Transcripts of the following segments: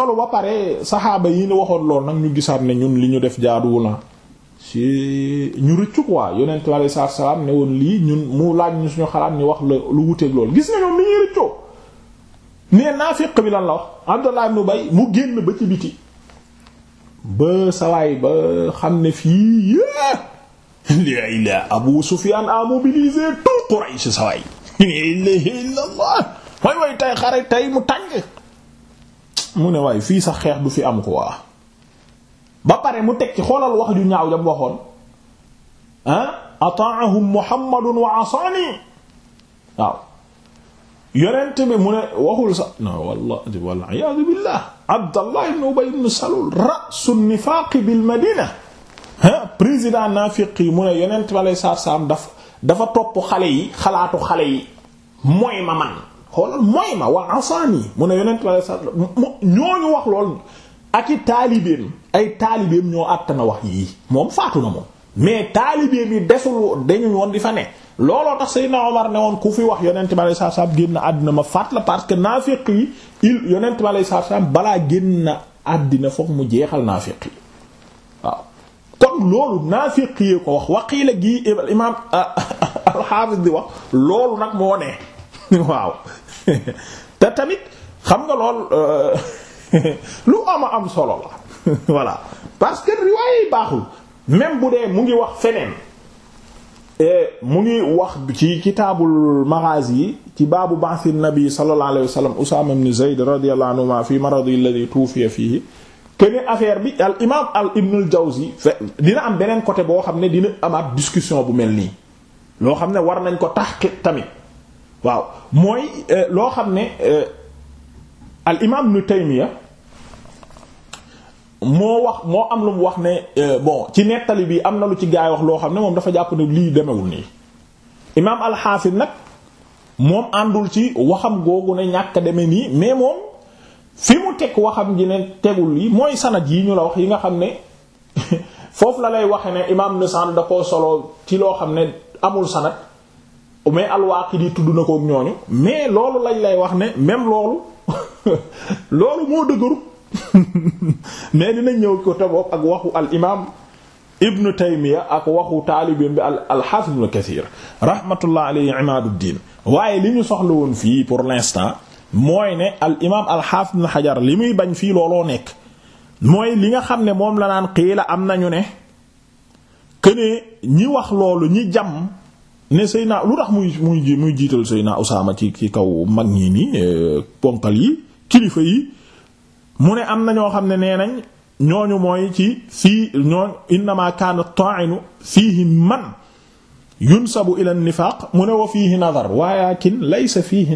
solo ba pare saxaaba yi ni waxoon lool nag ñu gisaat ne ñun li ñu def jaaduwul na si ñu rëccu quoi yonent bi alayhi salaam ne woon lii ñun mu laaj ñu suñu xalaat ñu wax la lu wuteeg lool gis na ñoom li ñuy rëccoo nee naafiq bi lan la wax mu génn ba ci biti xam ne fii lay la Abu Sufyan a mobilisé tout Quraysh sawaay way way tay xare tay mu tàng mu ne waaye fii sax xeex du fi am ko waa ba pare mu tekki xoolal wax ju ñaaw jam waxoon ah ataahum muhammadun wa asaani waaw yonent bi mu ne waxul sax no wallahi wal iyaadu billah abdallah ibn ubay ibn salul ra'su nifaaqi bil madina ah président naafiq yi mu ne yonent bi alayhi salaam daf dafa topp xale yi xalaatu xale yi mooy ma man xoolal mooy ma waa asaani mu ne yonent la sa ñooñu wax lool ak i taalibeem ay taalibeem ñoo àttana wax yii moom faatu na moom mais taalibeem yi desul dañu woon di fa ne looloo tax Seydina Omar ne woon ku fi wax yonent bi aleyhi salaatu salaam génn àddina ma faat la parce que naafiq yi il yonent bi aleyhi salaatu salaam balaa génn àddina foog mu jeexal naafiq yi waaw kon loolu naafiq yi ko wax waqiila gi imaam ah, al di wax loolu nag moo ne. waaw te tamit xam nga lool euh, lu ama am solo la voilà parce que riwaay baaxul même bu dee mu ngi wax feneen mu ngi wax ci kitaabul maghazi yi ci baabu ba'thi nabi sallallahu alayhi wa sallam Usaama ibn Zayd radiyallahu anhuma fi maradi alladhi tuufiya fiihi kene affaire bi al imaam al ibn al jawzi dina am beneen côté boo xam ne dina amaat discussion bu mel nii loo xam ne war nañ ko tax tamit waaw mooy euh, loo xam ne euh, al imaam Ibn Taymiyya moo wax moo am lu mu wax ne euh, bon ci nettali bi am na lu ci gaay wax loo xam ne moom dafa jàpp ne lii demewul nii imaam alxaafis nag moom àndul ci waxam googu ne ñàkk a deme nii mais moom fi mu teg waxam ji ne tegul yi mooy sanad yi ñu la wax yi nga xam ne foofu la lay waxe ne imaam Nasaan da ko solo ci loo xam ne amul sanad mais al-Waaqidi tudd na kook ñoo ñooñu mais loolu lañ lay wax ne même loolu loolu moo dëgëru mais dinañ ñëw ko taboog ak waxu al imaam Ibn Taymiya ak waxu taalibeem bi al al-Haafiz Ibn Kasiir rahmatullah alayhi waaye li ñu soxla woon fii pour l'instant mooy ne al imaam al li muy bañ fii looloo nekk mooy li nga xam ne moom la naan qiila am nañu ne que ñi wax loolu ñi jam. ne Seyna lu tax muy muy muy jiital Seyna Usaama ci ci kaw mag ñi nii ponkal yi kilifa yi mu am na ñoo xam ne nee nañ ñooñu mooy ci fii ñooñ innama kaana ta'inu fiihi man yunsabu ila nifaaq mu ne wa fiihi nadar walakin laysa fiihi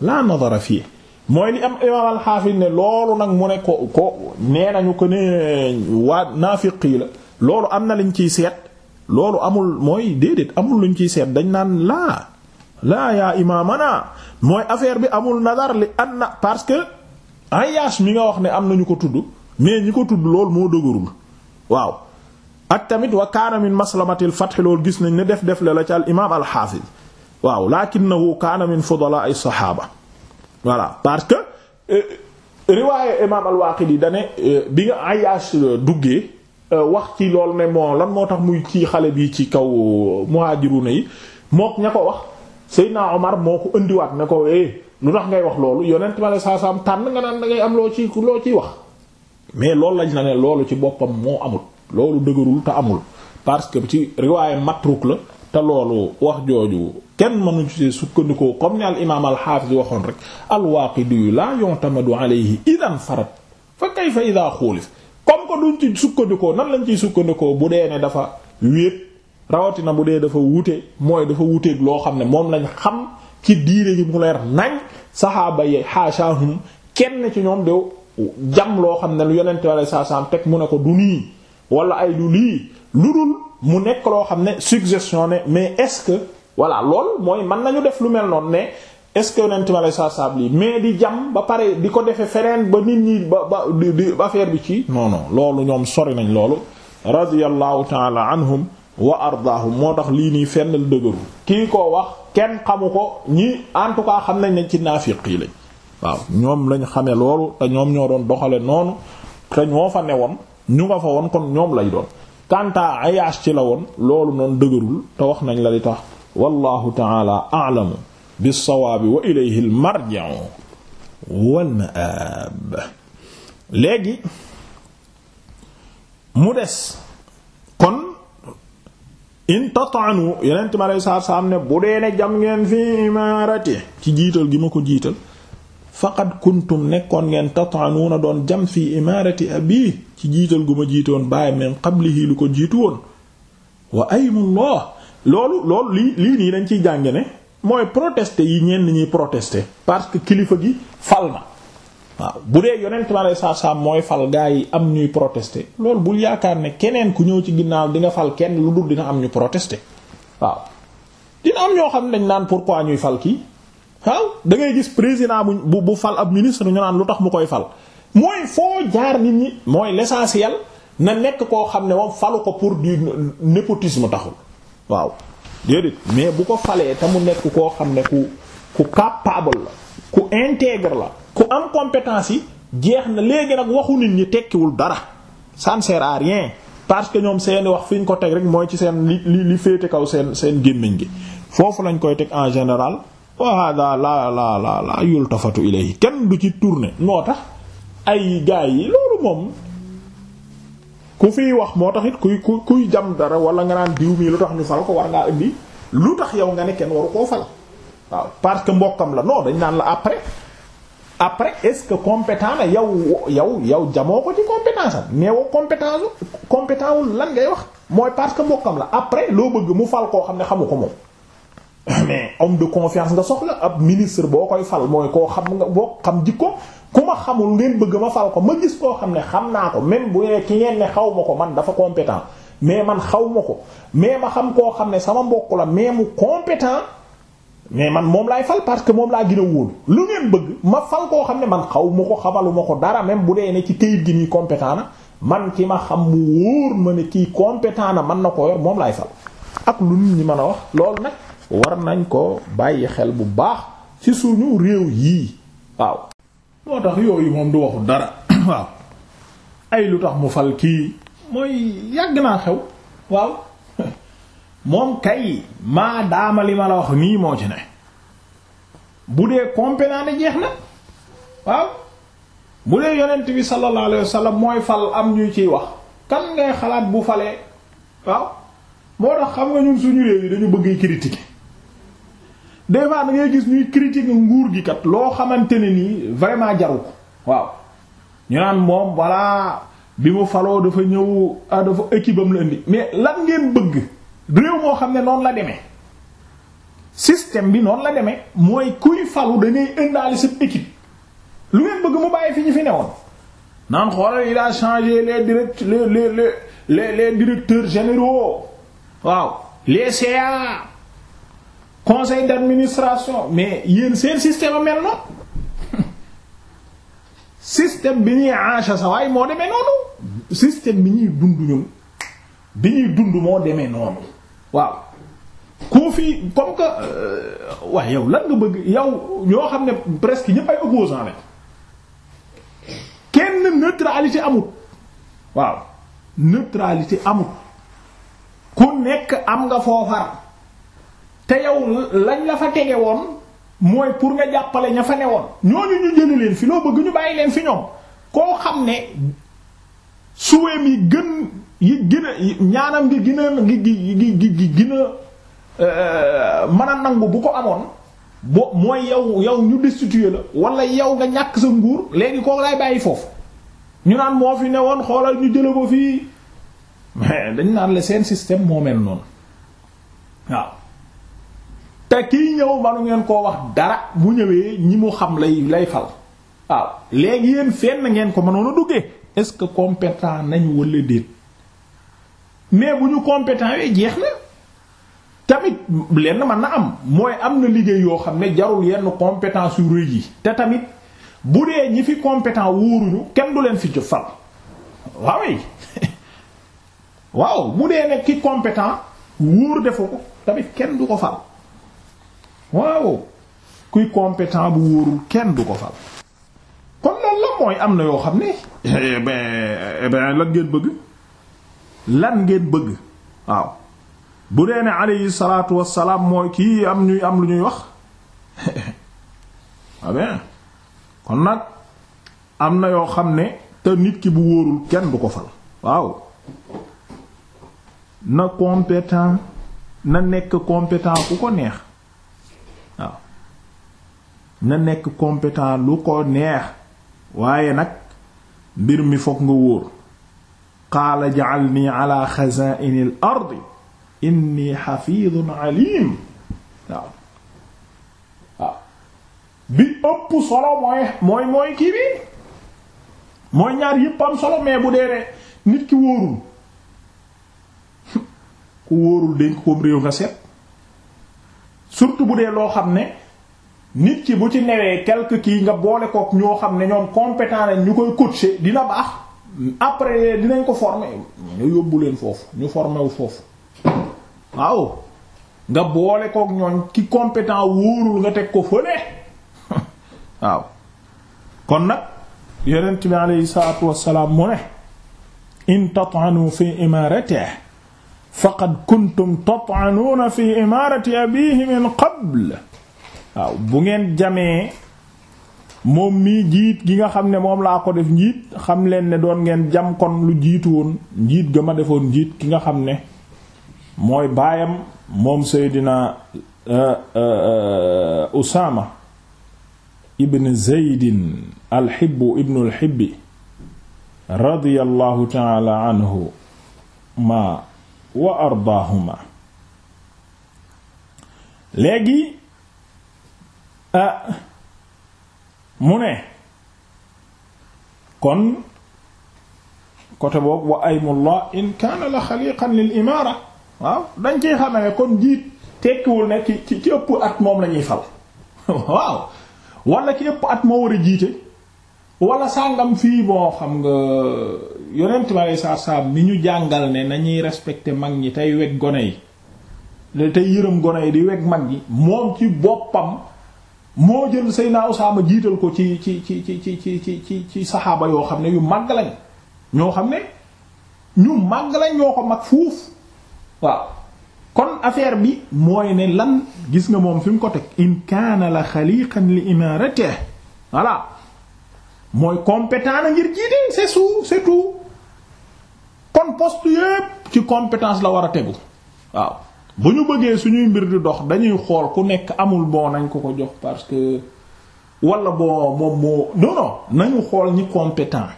la nadara fiihi mooy li am imaam alxaafis ne loolu nag mu ne la loolu am na liñ ciy seet loolu amul mooy déedéet amul luñ ciy seet dañ naan laa laa yaa imaamana mooy affaire bi amul nadar li anna parce que Ayyash mi nga wax ne am nañu ko tudd mais ñu ko tudd loolu moo dëgërul waaw ak tamit wa kaana min maslamatil fath loolu gis nañ ne def def la ci al imaam al xaafiz waaw lakinnahu kaana min fudala ay saxaaba voilà parce que euh, riwaaye imaam al Waaqidi dane euh, bi nga Ayyash duggee Euh, wax ci loolu ne moo lan moo tax muy kii xale bi ci kaw euh, muhajiruna yi mook ña ko wax Seydina Omar moo ko indiwaat ne ko eh lu tax ngay wax loolu yonent ma la saa saam tànn nga naan da ngay am loo ci loo ciy wax mais loolu lañ la ne loolu ci boppam moo amul loolu dëgërul te amul parce que ci riwaaye matruk la te loolu wax jooju kenn nu ci sukkandikoo comme ni al imaam al xaafis waxoon rek al waaqidi laa yontamadu alayhi idan farat fa kayfa idaa xuulif comme que duñ ci sukkandikoo nan lañ ciy sukkandikoo bu dee ne dafa wéet rawatina bu dee dafa wute mooy dafa wuteeg loo xam ne moom lañ xam ci diire gi mu leer nañ saxaaba yi xaasaahum kenn ci ñoom dew jam loo xam ne lu yonente wala saa teg mu ne ko du nii wala ay du lii lu dul mu nekk loo xam ne suggestion ne mais est-ce que voilà lool mooy mën nañu def lu mel noon ne est-ce que yonent ma lay saab lii mais di jam ba pare di ko defe feneen ba nit ñi ba ba di affaire bi ci noonu loolu ñoom sori nañ loolu radiyallahu taala anhum wa ardaahum moo tax lii nii fenn lu dëgëru kii ko wax kenn xamu ko ñi en xam nañ ne ci naafiq yi lañ waaw ñoom lañ xamee loolu te ñoom ñoo doon doxale noonu te ñoo fa ne newoon ñu nga fa woon kon ñoom lay doon kanta ayaas ci la woon loolu noonu dëgërul te wax nañ la li tax wallahu taala a'lamu bisawaabi wa ilayhi al mu des kon in tatanu ne bu dee ne ngeen fi ci jiital gi ma ko jiital faqad kuntum nekkoon ngeen tatanuuna doon jam fi imaarati abii ci jiital gu ma jiitoon bàyyi min qablihi lu ko jiitu woon wa aymullah loolu loolu lii lii nii dañ ciy jànge ne mooy protesté yi ñenn ñuy protesté parce que kilifa gi fal na waaw bu dee yonent ma lay mooy fal gaa yi am ñuy protesté loolu bul yaakaar ne keneen ku ñëw ci ginnaaw di nga fal kenn lu dul dina am ñu protester waaw dina am ñoo xam ne dañ naan pour pourquoi ñuy fal kii waaw da ngay gis président bu bu fal ab ministre ñu naan lu tax mu koy fal mooy foo jaar nit ñi mooy l'essentiel na nekk koo xam ne moom falu ko pour du népotisme taxul waaw déedéet mais bu ko falee te mu nekk koo xam ne ku ku capable la ku intègre la ku am compétence yi jeex na léegi nag waxu nit ñi tekkiwul dara ça ne parce que ñoom seeni wax fi ñu ko teg rek mooy ci seen li li li féete kaw seen seen gémmiñ gi foofu lañ koy teg en général wa hada la la la la yultafatu ilayhi kenn du ci tourner noo tax ay gaay yi loolu moom ku fiy wax moo tax it kuy ku kuy jam dara wala nga naan diw mii lu tax ñu fal ko war ngaa indi lu tax yow nga ne kenn waru koo fal waaw parce que mbokkam la noo dañ naan la après après est-ce que compétent na yow yow yow jamoo ko ci compétence am neewoo compétence compétent wul lan ngay wax mooy parce que mbokkam la après loo bëgg mu fal koo xam ne xamu ko moom mais homme de confiance nga soxla ab ministre boo koy fal mooy koo xam nga boo xam jikko ku ma xamul ngeen bëgg ma fal ko ma gis koo xam ne xam naa ko même ki ngeen ne xaw ma ko man dafa compétent mais man xaw ko mais ma xam koo xam ne sama mbokk la mais mu compétent mais man moom laay fal parce que moom laa gën a wóolu lu bëgg ma fal koo xam ne man xaw ma ko xamalu ko dara même bu dee ne ci kayit gi nii compétent man ki ma xam mu wóor ma ne kii compétent na man na ko moom laay fal ak lu nit ñi mën a wax loolu nag war nañ ko bàyyi xel bu baax ci suñu réew yii waaw moo tax yooyu moom du waxul dara waaw ay lu tax mu fal kii mooy yàgg naa xew waaw moom kay maa daama li ma la wax nii moo ci ne bu dee compétent na jeex na waaw bu dee yonent bi sallallahu mooy fal am ñu ciy wax kan ngay xalaat bu falee waaw moo tax xam nga ñun suñu réew yi dañu bëgg critiquer des fois da ngay gis ñuy critiquer nguur gi kat loo xamante ne nii vraiment jaru ko waaw ñu naan moom voilà bi mu faloo dafa ñëw ah dafa équipe am la indi mais lan ngeen bëgg réew moo xam ne noonu la demee système bi noonu la demee mooy kuy falu da ngay indaale sa équipe lu ngeen bëgg mu bàyyi fi ñu fi newoon naan xoolal il a changé les direct les les les les directeurs généraux waaw les CA. conseil d'administration mais yéen seen système a mel noonu système bi ñuy ànca sa waay moo demee noonu système bi ñuy dund ñun bi ñuy dund moo demee noonu waaw koo fi comme que euh, waaye yow lan nga bëgg yow ñoo xam ne presque ñëpp ay opposants lañ kenn neutralité amut waaw neutralité amut ku nekk am nga foofar te yow lañ la fa tege woon mooy pour nga jàppale ña fa ne woon ñoo ñu jëli leen fi loo bëgg ñu bàyyi leen fi ñoom koo xam ne suweem yi gën yi gën a ñaanam gi gën a gi gi gi gi gën a euh, mën a nangu bu ko amoon bo mooy yow yow ñu destituer la wala yow nga ñàkk sa nguur léegi koo lay bàyyi foofu ñu naan moo fi ne woon xoolal ñu jële ko fii mais dañ naan la seen système moo mel noonu waaw te kii ñëw manu ngeen koo wax dara bu ñëwee ñi mu xam lay lay fal waaw léegi yéen fenn ngeen ko mënoon a duggee est-ce que compétent nañ wala déet mais bu ñu compétent yooyu jeex na tamit lenn mën na am mooy am na liggéey yoo xam ne jarul yenn compétence yu rëy yi te tamit bu dee ñi fi compétent wóoruñu kenn du leen fi jot fal waaw waaw mu dee ne ki compétent wóor defu ko tamit kenn du ko fal waaw kuy compétent bu wóorul kenn du ko fal kon loolu la mooy am na yoo xam ne eh ben eh lan ngeen bëgg lan ngeen bëgg waaw bu dee ne alayhi salaatu wassalaam mooy kii am ñuy am lu ñuy wax ah kon nag am na yoo xam ne te nit ki bu wóorul kenn du ko fal waaw na compétent na nekk compétent ku ko neex na nekk compétent lu ko neex waaye nag mbir mi fokk nga wóor qaala ja'alnii al ardi inni xafiidun waaw bi ëpp solo mooy mooy mooy kii bi mooy ñaar yépp solo mais bu dee ne nit ki wóorul ku wóorul dénk koom réew nga set surtout bu dee loo xam ne nit ki bu ci newee quelque kii nga boole kook ñoo xam ne ñoom compétent lañ ñu koy coacher dina baax après dinañ ko former ñu yóbbu leen foofu ñu former wu foofu waaw nga boole kook ñooñ ki compétent wóorul nga teg ko fële waaw kon nag yonent bi aleyhi salaatu wassalaam mu ne in tat'anu fi imaratihi faqad kuntum tat'anuna fi imarati abihi min qabl waaw bu ngeen jamee moom mii jiit gi nga xam ne moom laa ko def njiit xam leen ne doon ngeen jam kon lu jiitu woon njiit ga ma defoon njiit ki nga xam ne mooy baayam moom Seydina euh, euh, Usaama ibn Zeydin alxibbu ibnu alxibbi radiyallahu taala anhu ma wa ardaahuma léegi ah mu ne kon côté boobu wa aymullah in kaana la xaliqan lil imaara waaw dañ ciy xam ne kon jiit tekkiwul ne ci ëpp at moom lañuy ñuy fal waaw wala ki ëpp at moo war a jiite wala sàngam fii boo xam nga yonent bi alei saatu salaam mi ñu jàngal ne nañuy respecté mag ñi tey weg gone yi tey yërëm gone yi di weg mag ñi moom ci boppam moo jël Seydina Usaama jiital ko ci ci ci ci ci ci ci ci saxaaba yoo xam ne yu màgg lañ ñoo xam ne ñu màgg lañ ñoo ko mag fuuf waaw kon affaire bi mooy ne lan gis nga moom fi mu ko teg in kaana la xaliqan li imarate voilà mooy compétent na ngir jiite c'est tout kon post yépp ci compétence la war a tegu waaw bu ñu bëggee suñuy mbir di dox dañuy xool ku nekk amul bon nañ ko ko jox parce que walla bon moom moo non nañu xool ñi compétent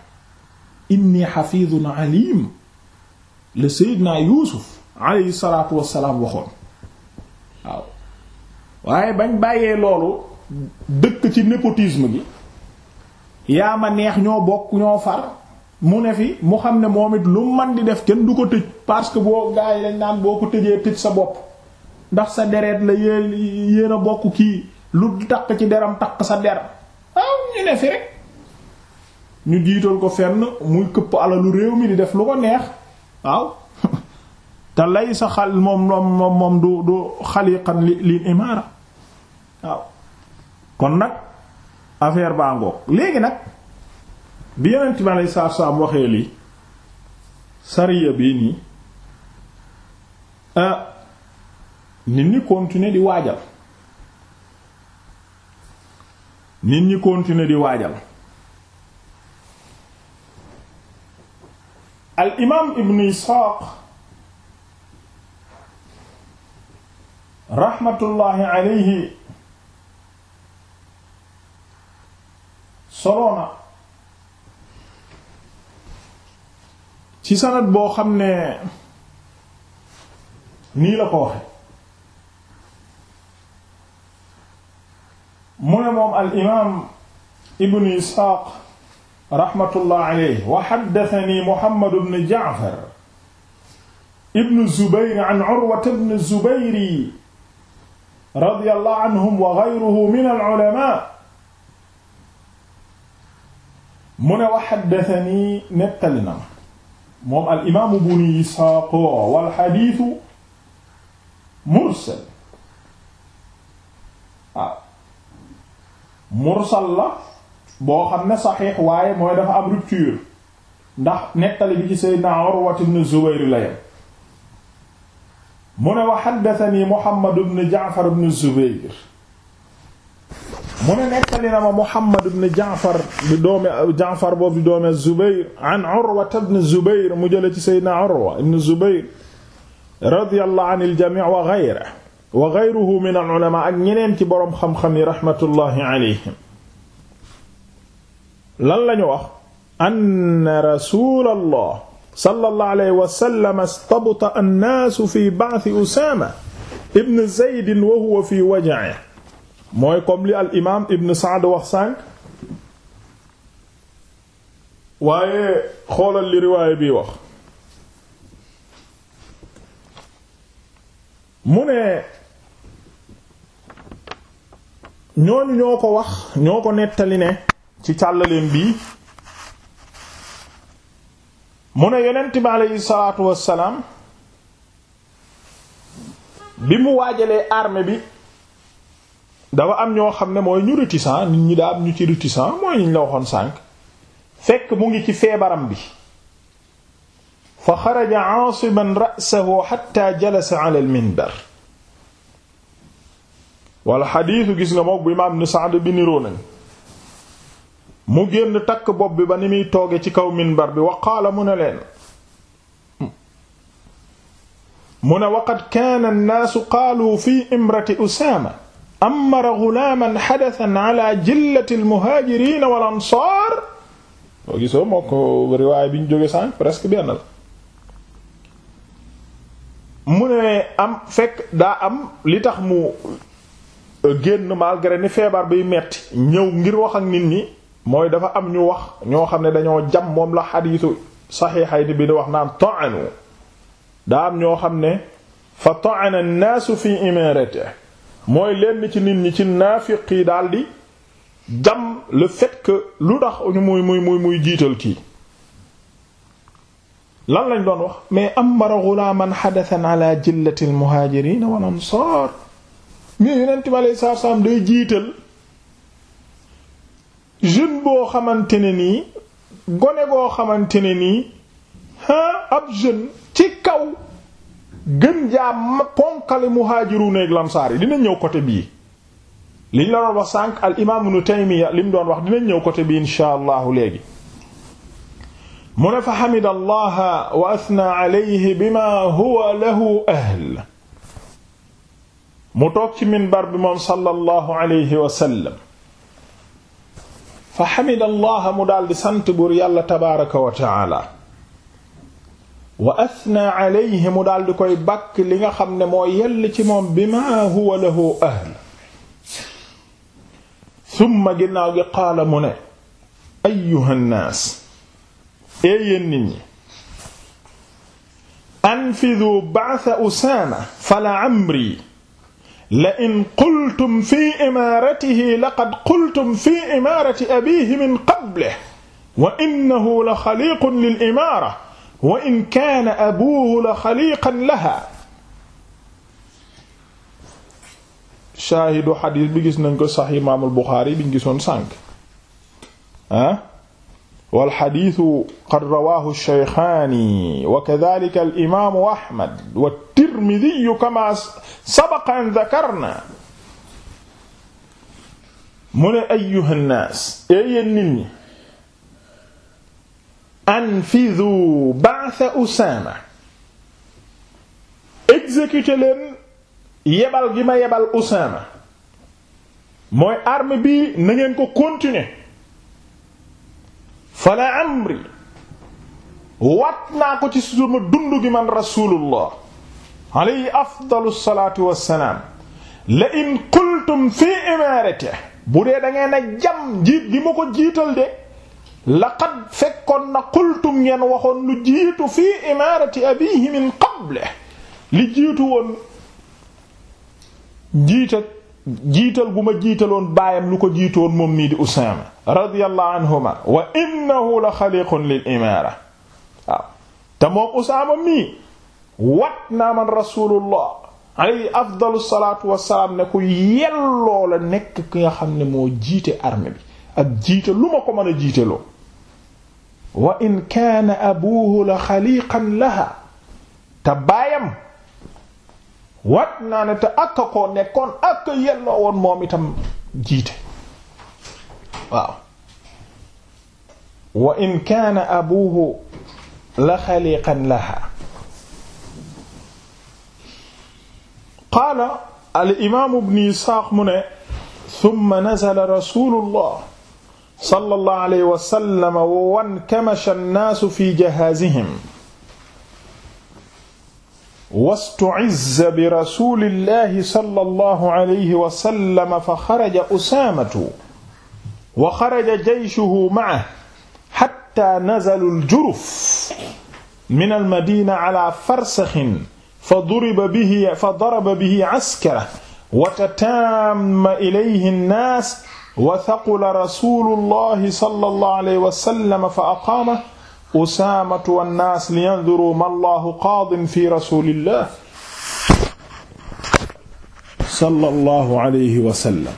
inni xafidun alim le Seydina Yuusuf alayhi salaatu wassalaam waxoon waaw waaye bañ bàyyee loolu dëkk ci népotisme gi yaa ma neex ñoo bokk ñoo far mu ne fi mu xam ne moom it lu man di def kenn du ko tëj parce que boo gaa yi lañ naan boo ko tëjee tëj sa bopp ndax sa deret la yéen yéen a bokk kii lu takk ci deram taq sa der ah ñu ne fi rek ñu jiital ko fenn muy këpp alalu réew mi di def lu ko neex waaw te lay sa xal moom moom moom du du xaliqan li li imaara waaw kon nag affaire baa ngoog léegi nag. bi yonent bi aleyhi waxee li sariya bi nii ah nit ñi continuer di waajal nit ñi continuer di waajal al imaam ibn isxaaq raxmatullaahi aleyhi soloona ci sanad boo xam ne nii la ko waxe mu ne moom al imaam ibnu isxaaq raxmatullah alayhi wa xaddatani muhammad ibn jaafar ibn zubayr an urwa ibn zubayr radiyallahu anhum wa gayruhu min al ulamaa mu ne wa xaddatani nettali na ma moom al imaamu buni Isxaaq wal xadiisu mursal waaw ah, mursal la boo xam ne saxiix waaye mooy dafa am rupture ndax nettali bi ci Seydina Urwa ibn Zubayr la yem mu ne wa xaddatani Muhammad ibn Jaafar ibn Zubayr mu ne nettali na ma Muhammad ibn Jaafar di doomi Jaafar boobu di doomi Zubayr an Urwa ibn Zubayr mu jële ci Seydina Urwa ibn Zubayr radiyallahu anil jamii wa ghayrihi wa ghayruhu min al ulama ak ñeneen ci boroom xam-xam yi rahmatullahi alayhim lan lañu wax anna rasulallah sallallahu alayhi wa sallam istabta an-naas fi ba'th Usaama ibn Zayd wa huwa fi waj'ihi mooy comme li al imaam ibn Saad wax sànq waaye xoolal li riwaay bii wax mu ne ñooñu ñoo ko wax ñoo ko nettali ne ci càllaleen bii mu ne yonent bi aleyhi salaatu wassalaam bi mu waajalee armée bi dafa am ñoo xam ne mooy ñu réticent nit ñi daa ñu ci réticent mooy ñu la waxoon sànq fekk mu ngi ci feebaram bi fa xaraja aasiman ra'sahu xatta jalasa ala al-minbar gis nga mook bu imaam ibn Sa'd bi niroo nañ mu génn takk bopp bi ba ni muy tooge ci kaw minbar bi wa qaala mu ne leen mu ne waqad kaana an-naasu qaalu fi imrati Usaama amara ghulaaman hadathan ala jillati al-muhaajiriin wal ansaar boo gisoo moo ko riwaay bi ñu jóge sànq presque benn la mu ne am fekk daa am li tax mu euh, génn malgré ni feebar bi metti ñëw ngir wax ak nit ñi mooy dafa am ñu wax ñoo xam ne dañoo jam moom la xadiisu saxiixayni bi di wax naan ta'anu daa am ñoo xam ne fa ta'ana an-naasu fi imaaratihi mooy lenn ci nit ñi ci naafiq yi daal di jam le fait lu tax ñu muy muy muy jiital kii lan lañ doon wax mais amara ghulaman hadathan ala jillati almuhajirin wal ansar mais yonent bi alei saatu salaam day jiital jeune boo xamante ne nii gone goo xamante ne nii ah ab jeune ci kaw gën jaa ponkali muhaajiruun ak lamsaar yi dinañ ñëw côté bii liñ la doon wax sànq al imaam ibnu Taymiya li mu doon wax dinañ ñëw côté bii insha allahu léegi mu ne fa xamida allaha wa asna alayhi bima huwa lahu ahl mu toog ci minbar bi moom sallallahu alayhi wa sallam fa xamida allaha mu daldi sant buur yàlla tabaaraka wa taala wa asna alayhi mu daal di koy bàkk li nga xam ne moo yell ci moom bima huwa lahu ahl summa ginnaaw gi qaala mu ne ayyuha nnaas éeyéen nit ñi anfidu ba'sa usaama fala amri la in qultum fi imaaratihi laqad qultum fi imaarati abiihi min qablihi wa innahu la xaliiqun lil imaara wa in kaana abuuhu la xaliqan laha shaahidu xadiis bi gis nañ ko sax imaamul Buxaari bi ñu gisoon sànq ah wal xadiisu qad rawaahu shaykhaani wa kadaalika al imaamu Ahmad wa Tirmidhi kamaa sabaqa an dhakarnaa mu ne ayyuhan naas, yéen nit ñi anfidu ba'sa Usaama exécuté leen yebal gi ma yebal Usaama mooy arme bi na ko continuer fala amri wat naa ko ci suma dund gi man rasulullah alayhi afdalu salaatu fi imaratihi bu dee da ngeen a jam jiit gi ma ko jiital de laqad fekkoon na qultum ngeen waxoon lu jiitu fii imaarati abiihi min qable li jiitu woon jiita jiital gu ma jiitaloon baayam lu ko jiitoon moom nii di Usaama radiyallahu anhuma wa innahu la xaliqun lil imaara waaw te moom Usaama mii wat naa man rasulullah alayhi afdalu salaatu wassalaam ne ku yelloo la nekk ki nga xam ne moo jiite armée bi ak jiite lu ma ko mën a jiiteloo wa in kaana abuhu la xaliqan laha te wat naa ne te ak a koo nekkoon ak a moom itam jiite waaw wa in abuhu la xaliqan laha qaala al imaamu ibn mu ne thumma nazala rasulullah sallallahu alayhi wa sallam wa wankamasha nnaasu fi jahaazihim wastu'izza bi rasuulillahi sallallahu alayhi wa sallam fa xaraja usaamatu wa xaraja jayshuhu ma'ahu hattaa nazaluu al-juruf min al-madiina alaa farsakhin fa duriba bihi fa daraba bihi askarahu wa tataamma ilayhi nnaas wa thaqula rasulullahi sallallahu alayhi wa sallam fa aqaama usaamatu wannaas liyanzuruu ma allahu qaadin fi rasulillah sallallahu alayhi wa sallam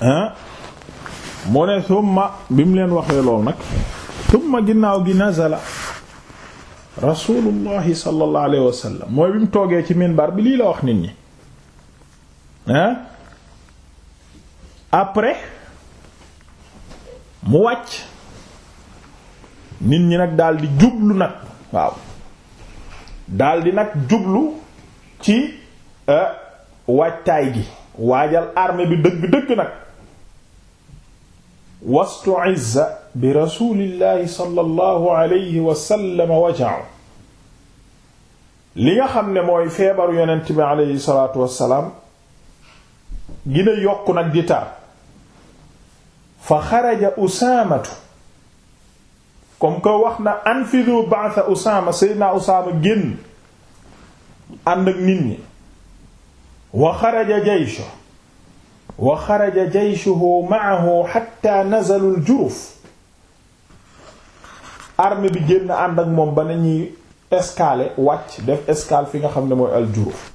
ah mu ne summa bi mu leen waxee lool nag summa ginnaaw gi nazala rasulullahi sallallahu alayhi wa sallam mooy bi mu toogee ci minbar bi lii la wax nit ñi ah après mu wàcc nit ñi nag daldi jublu nag waaw daldi nag jublu ci euh, waajtaay gi waajal arme bi dëgg-dëgg nag wastu izza bi rasulillahi sallallahu alayhi wa sallam li nga xam ne mooy feebaru yonent bi alayhi salaatu wassalaam gina yokku nag di tar fa xaraja usaamatu comme que wax na anfidu ba'sa usaama seydina usaama génn ànd ak nit ñi wa xaraja jayshu wa xaraja jayshuhu ma'ahu hatta nazalu al-juruf armée bi génn ànd ak moom ba nañuy escale wàcc def escale fi nga xam ne mooy al-juruf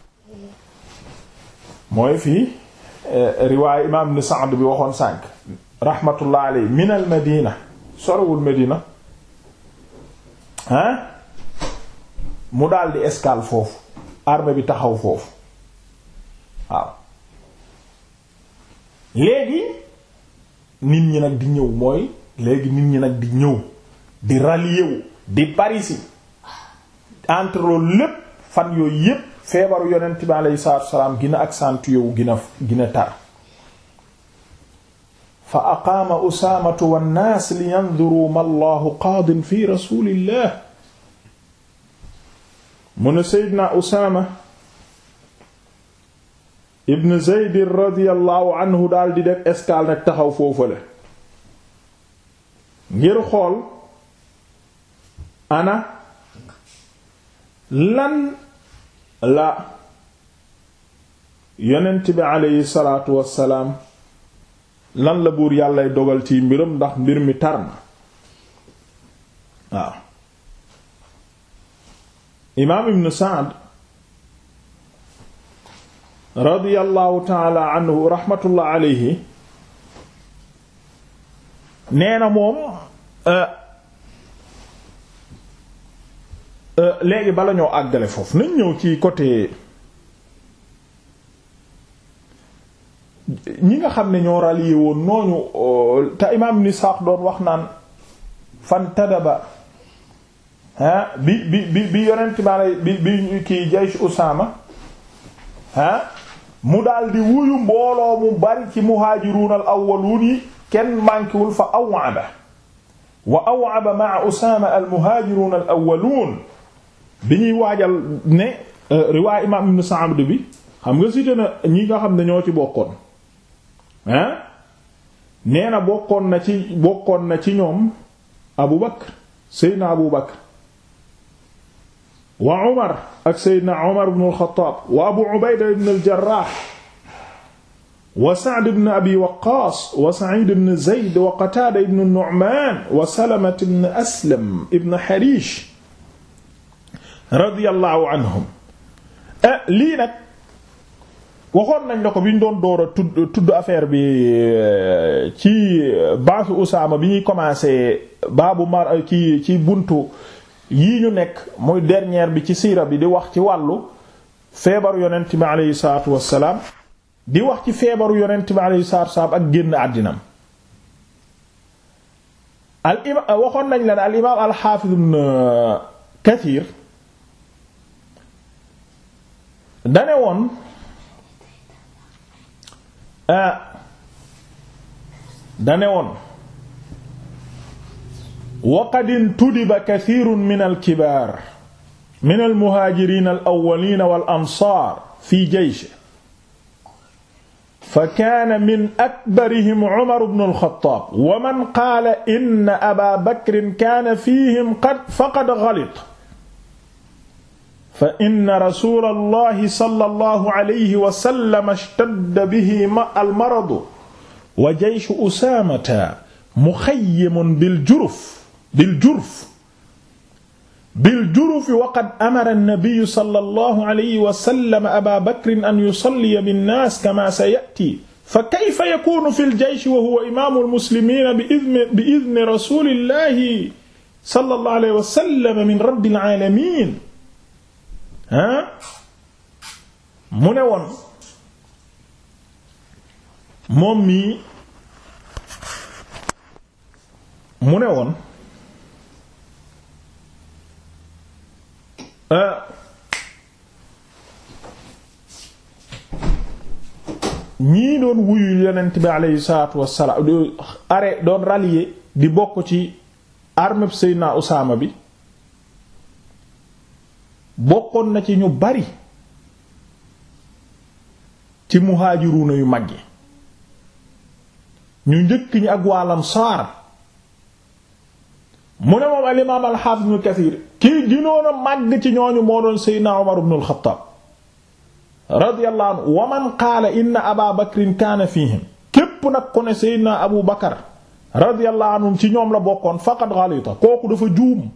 mooy fii eh, riwaaya imaam ibn Sa'd bi waxoon sànk rahmatullah alayhi min al madina sorowul madina hein mu daldi escale foofu armée bi taxaw foofu waaw léegi nit ñi nag di ñëw mooy léegi nit ñi nag di ñëw di rallier di parisi entre loolu lépp fan yooyu yépp feebaru yonent bi aleyhi salaatu wa salaam gina accentué wu gina gina tar fa aqaama usaamatu wannaas li yanduruu ma allahu qaadin fi rasulillah mu ne seydna usaama ibn zeydin radiallahu anhu daal di def escale nag taxaw foofale ngir xool ana lan la yonent bi aleyhi salaatu wassalaam lan la buur yàllay dogal ci mbiram ndax mbir mi tar na waaw imaam ibn Saad radiyallahu taala anhu rahmatullah alayhi nee na moom euh, euh, léegi bala ñoo àggale foofu nañ ñëw ci côté ñi nga xam ne ñoo rallié woon nooñu euh, te imaam ibn Isaaq doon wax naan fan tadaba ah bi bi bi bi yonent bi bi bi kii mu daldi di wuyu mbooloo mu bari ci muhaajiruun al awwaluun yi kenn manquéwul fa awaba wa awaba maa Usaama al muhaajiruun al awwaluun bi ñuy waajal ne euh, riwaay imaam ibn Sa'd bi xam nga cité ñi nga xam ne ñoo ci bokkoon hein nee na bokkoon na ci bokkoon na ci ñoom abu bakar seydna abu bakar wa umar ak seydna umar bnu alxataab wa abu ubayda bnu aljaraax wa saad bnu abi waqaas wa said bnu zeyd wa qataada bnu nu'maan wa salamat bnu aslam bnu xariish radiyallahu anhum eh, lii nag waxoon nañ la ko bi ñu doon door a tudd tudd affaire bi euh, ci euh, baaxi Usaama bi ñuy commencé baabu mar euh, ci ci buntu yii ñu nekk mooy dernière bi ci siira bi di wax ci wàllu feebaru yonent bi aleyhi salaatu wassalaam di wax ci feebaru yonent bi aleyhi salaatu wassalaam ak génn àddinam al imaam waxoon nañ la ne al imaam al xaafiz ibn Kathir dane woon ah dane woon waqad intudiba kathirun min alkibaar min almuhaajiriin alawwaliin walansaar fi jeyse fa kaana min akbarihim Umar bnu alxattaab wa man qaala inna abaa bakrin kaana fiihim qad faqad galita fa inna rasulallahi sallallahu alayhi wa sallam ishtadda bihi al-maradu wa jayshu usaamata muxayyamun bil juruf bil jurf bil juruf wa qad amara an-nabiyyu sallallahu alayhi wa sallam abaa bakrin an yusalliya bin-naas kamaa saya'tii fa kayfa yakuunu fil jayshi wa huwa imaamul muslimiina bi idni bi idni rasulillahi sallallahu alayhi wa sallam min rabbil aalamiin mu ne woon moom mii mu ne woon euh, ñii doon wuyu yonent bi aleyhi salaatu wassalaam doon rallier di bokk ci armée Seydina Usaama bi bokkoon na ci ñu bari ci muhaajiruuna yu mag yi ñu njëkk ñi ak waa Ansaar mu ne moom al imaam al kii ginoon a ci ñooñu moo doon Seydina Umar ibn xattaab radiyallahu anhu wa man qaala inna Abaa Bakrin kaana fiihim képp nag ko ne Seydina Abu Bakar radiyallahu anhum ci ñoom la bokkoon faqad ghalita kooku dafa juum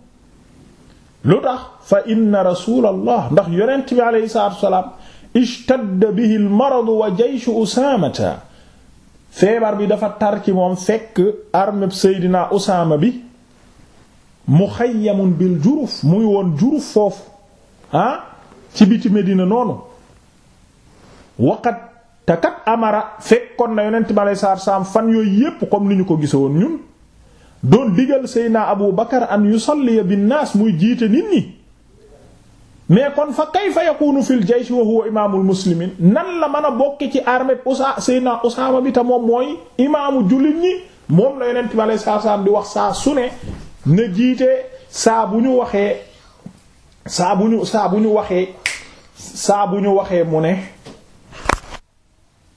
lu tax fa inna rasulallah ndax yonent bi aleyhi salaatu wasalaam ishtadda bihi wa jayshu usaamata feebar bi dafa tar ci moom fekk armeb seydina usaama bi muxayyamun bil juruf muy woon juruf foofu ah ci biti Medina noonu waqat te kat amara fekkoon na yonent bi aleyhi salaatu wasalaam fan yooyu yépp comme ni ñu ko gisa woon ñun doon digal Seydina Abu Bakar an yusalli naas muy jiite nit ñi mais kon fa kayfa yakunu fil jaysh wa huwa imaamul muslimiin nan la mën a bokk ci armée usa Seydina Usaama bi te moom mooy imaamu jullit ñi moom la Yonent bi alayhi salaam di wax saa su ne na jiite saa bu ñu waxee saa bu ñu saa bu ñu waxee saa bu ñu waxee mu ne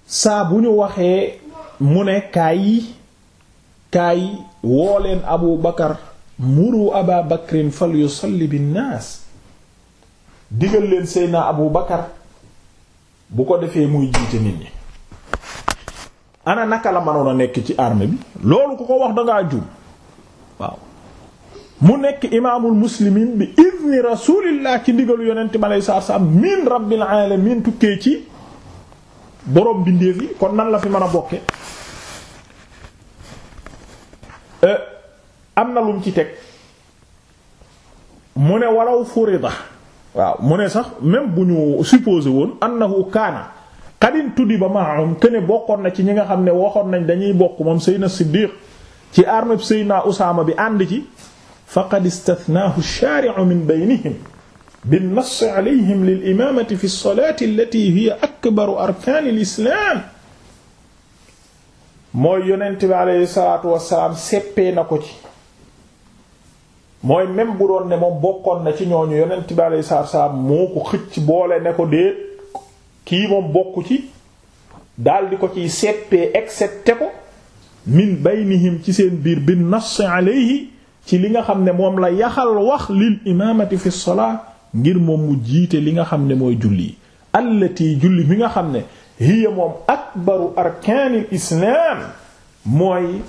saa bu ñu waxee mu ne kaay. kaay woo leen abu bakar muru aba bakrin fal yusalli binnaas digal leen seydna abu bakar bu ko defee muy jiite nit ñi ana naka la mënoon a nekk ci armée bi loolu ku ko wax dangaa jum waaw mu nekk imaamul muslimiin bi idni rasulillah ci digalu yonent mi aleyhi salaatu salaam min rabbil alamin tukkee ci borom bindeef yi kon nan la fi mën a bokke am na lum ci teg mu ne walaw furida waaw mu ne sax même bu ñu supposé woon annahu kaana xadin tuddi ba mahum te ne na ci ñi nga xam ne waxoon nañ dañuy bokk moom Seydina Siddiq ci armée Seydina usama bi ànd ci faqad istathnaahu ash-shaari'u min baynihim bin-nass alayhim lil-imaamati fi as-salaati seppee na ko ci mooy même bu doon ne moom bokkoon na ci ñooñu yonent bi alayhi salaatu salaam moo ko xëcc boole ne ko déet kii moom bokku ci daldi di ko ciy seppee excepté ko min baynihim ci seen biir bin nass alayhi ci li nga xam ne moom la yaxal wax lil imaamati fi ngir moom mu jiite li nga xam ne mooy julli allati julli bi nga xam ne hiya moom akbaru arkaanil islaam mooy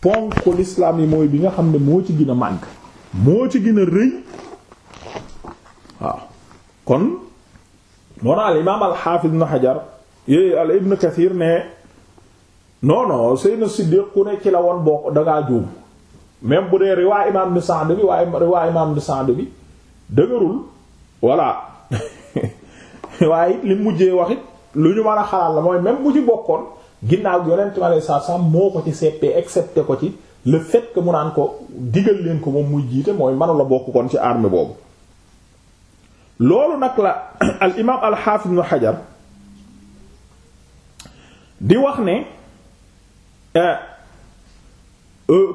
ponk lislaam yi mooy bi nga xam ne moo ci gën a màgg moo ci gën a rëy waaw kon moo naa al imaam al xaafis ibn Hajar yooyu al ibn Kathir ne non non Siddiq ku ne ci la woon boo dangaa juum même bu dee riwaa imaam ibn Sa'd bi dëgërul voilà waaye it li mujjee wax it lu ñu mën a xalaat la mooy même bu ci bokkoon ginnaaw yonent mi alayhi salaam moo ko ci seppee excepté ko ci le fait que ko digal leen ko moom muy jiite mooy mënula bokk kon ci armée boobu loolu nag la al imaam al xaafis xajar di wax ne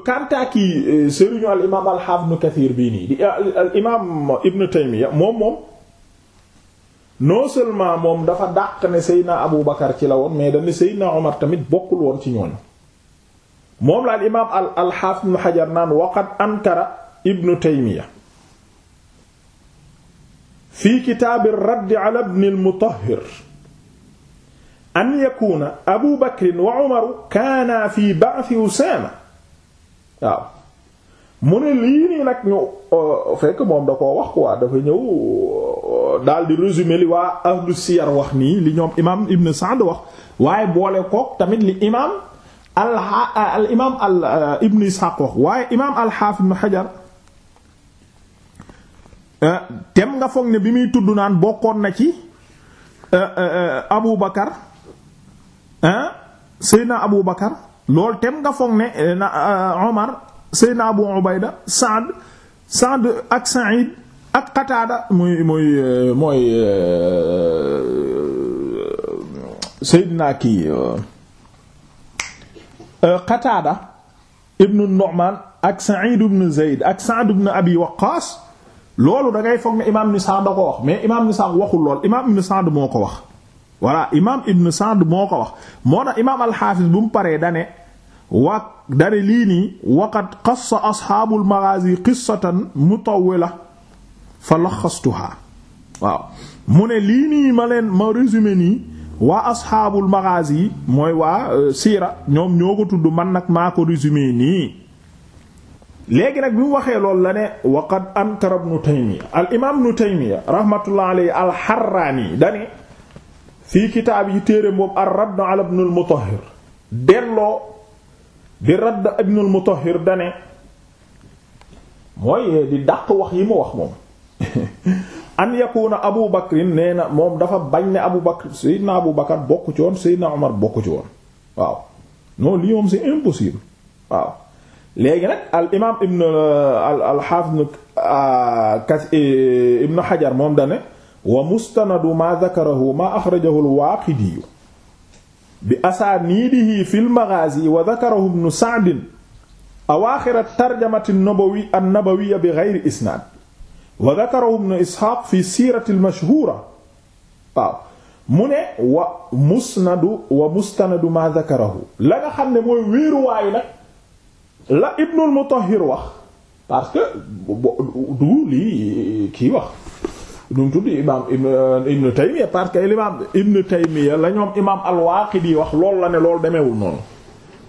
kanta eh, euh, ki euh, sëriñu al imaam al xaafis kathir bii nii di al imaam ibn taymiya moom moom non seulement moom dafa dàq ne seydna abu bakar ci la woon mais dañ ne seydna tamit bokkul woon ci ñooñu moom la al imaam al alxaafid ibnu xajar naan waqad ankara ibnu taymiya fi kitaabi raddi ala ibni almutahhir an yakuna abu bakrin wa umaru kaana fi ba'thi usaama mu ne lii nii nag ñu euh, fekk moom da wax quoi dafa ñëw euh, daal di résumé li waa ahlu siyar wax nii li ñoom imaam ibn Sa'd wax waaye boole kook tamit li imaam al imaam euh, al euh, ibn Isxaaq wax waaye imaam al-Xaafid ibn euh, tem nga foog ne bi muy tudd naan bokkoon na ci Abu Bakar Seydina Abu Bakar loolu tem nga foog ne Omar Seydina Abu Ubayda Saad Saad ak Saïd ak Qataada muy muy mooy Seydina Euh, Qataada ibnu Nu'maan ak Sa'iid ibnu Zayd ak Sa'd ibnu Abi loolu dangay ngay foog ne imaam Ibn Sa'd ko wax mais imaam Ibn waxul lool imaam Ibn Sa'd moo ko wax. voilà imaam Ibn Sa'd moo ko wax moo tax imaam al bu mu paree da ne wa da ne lii nii waqad qassa ashaabul maghaazi qissatan fa laxastuha mu ne lii nii ma leen ma résumé nii. waa asxaabul maghazi mooy waa euh, siira ñoom ñoo ko tudd man nag maa ko résumé nii léegi nag bi mu waxee lool la ne waqad antara ibnu taymiya al imam ibnu taymiya rahmatullah alayhi al dane fii kitaab yi téere boobu ar radd ala ibnul mutahhir delloo di radd ibnul mutahhir dane mooy di dàq wax yi mu wax moom an yakuna abu bakrin nee na moom dafa bañ ne abu bakr seydina abu bakar bokku ci woon seydina omar bokku ci woon waaw non lii moom c'est impossible waaw léegi nag al imaam ibn euh, al xaafid ibn xajar euh, euh, moom dane wa mustanadu ma dakarahu ma axrajahu al waaqidiyu bi asaaniidihi fi al maghaazi wa dakarahu ibn sa'd awaaxir tarjamati an nabawi an nabawiya bi geyri isnaad wa dakarahu ibn isxaaq fi siirati waaw mu ne wa musnadu wa mustanadu ma dakarahu la nga xam ne mooy wéeruwaayu nag la ibnul mutahhir wax parce que du lii kii wax nu mu tudd imaam ibnu taymiya parce que imaam ibnu taymiya la ñoom imaam al-Waaqidi wax loolu la ne loolu demewul noonu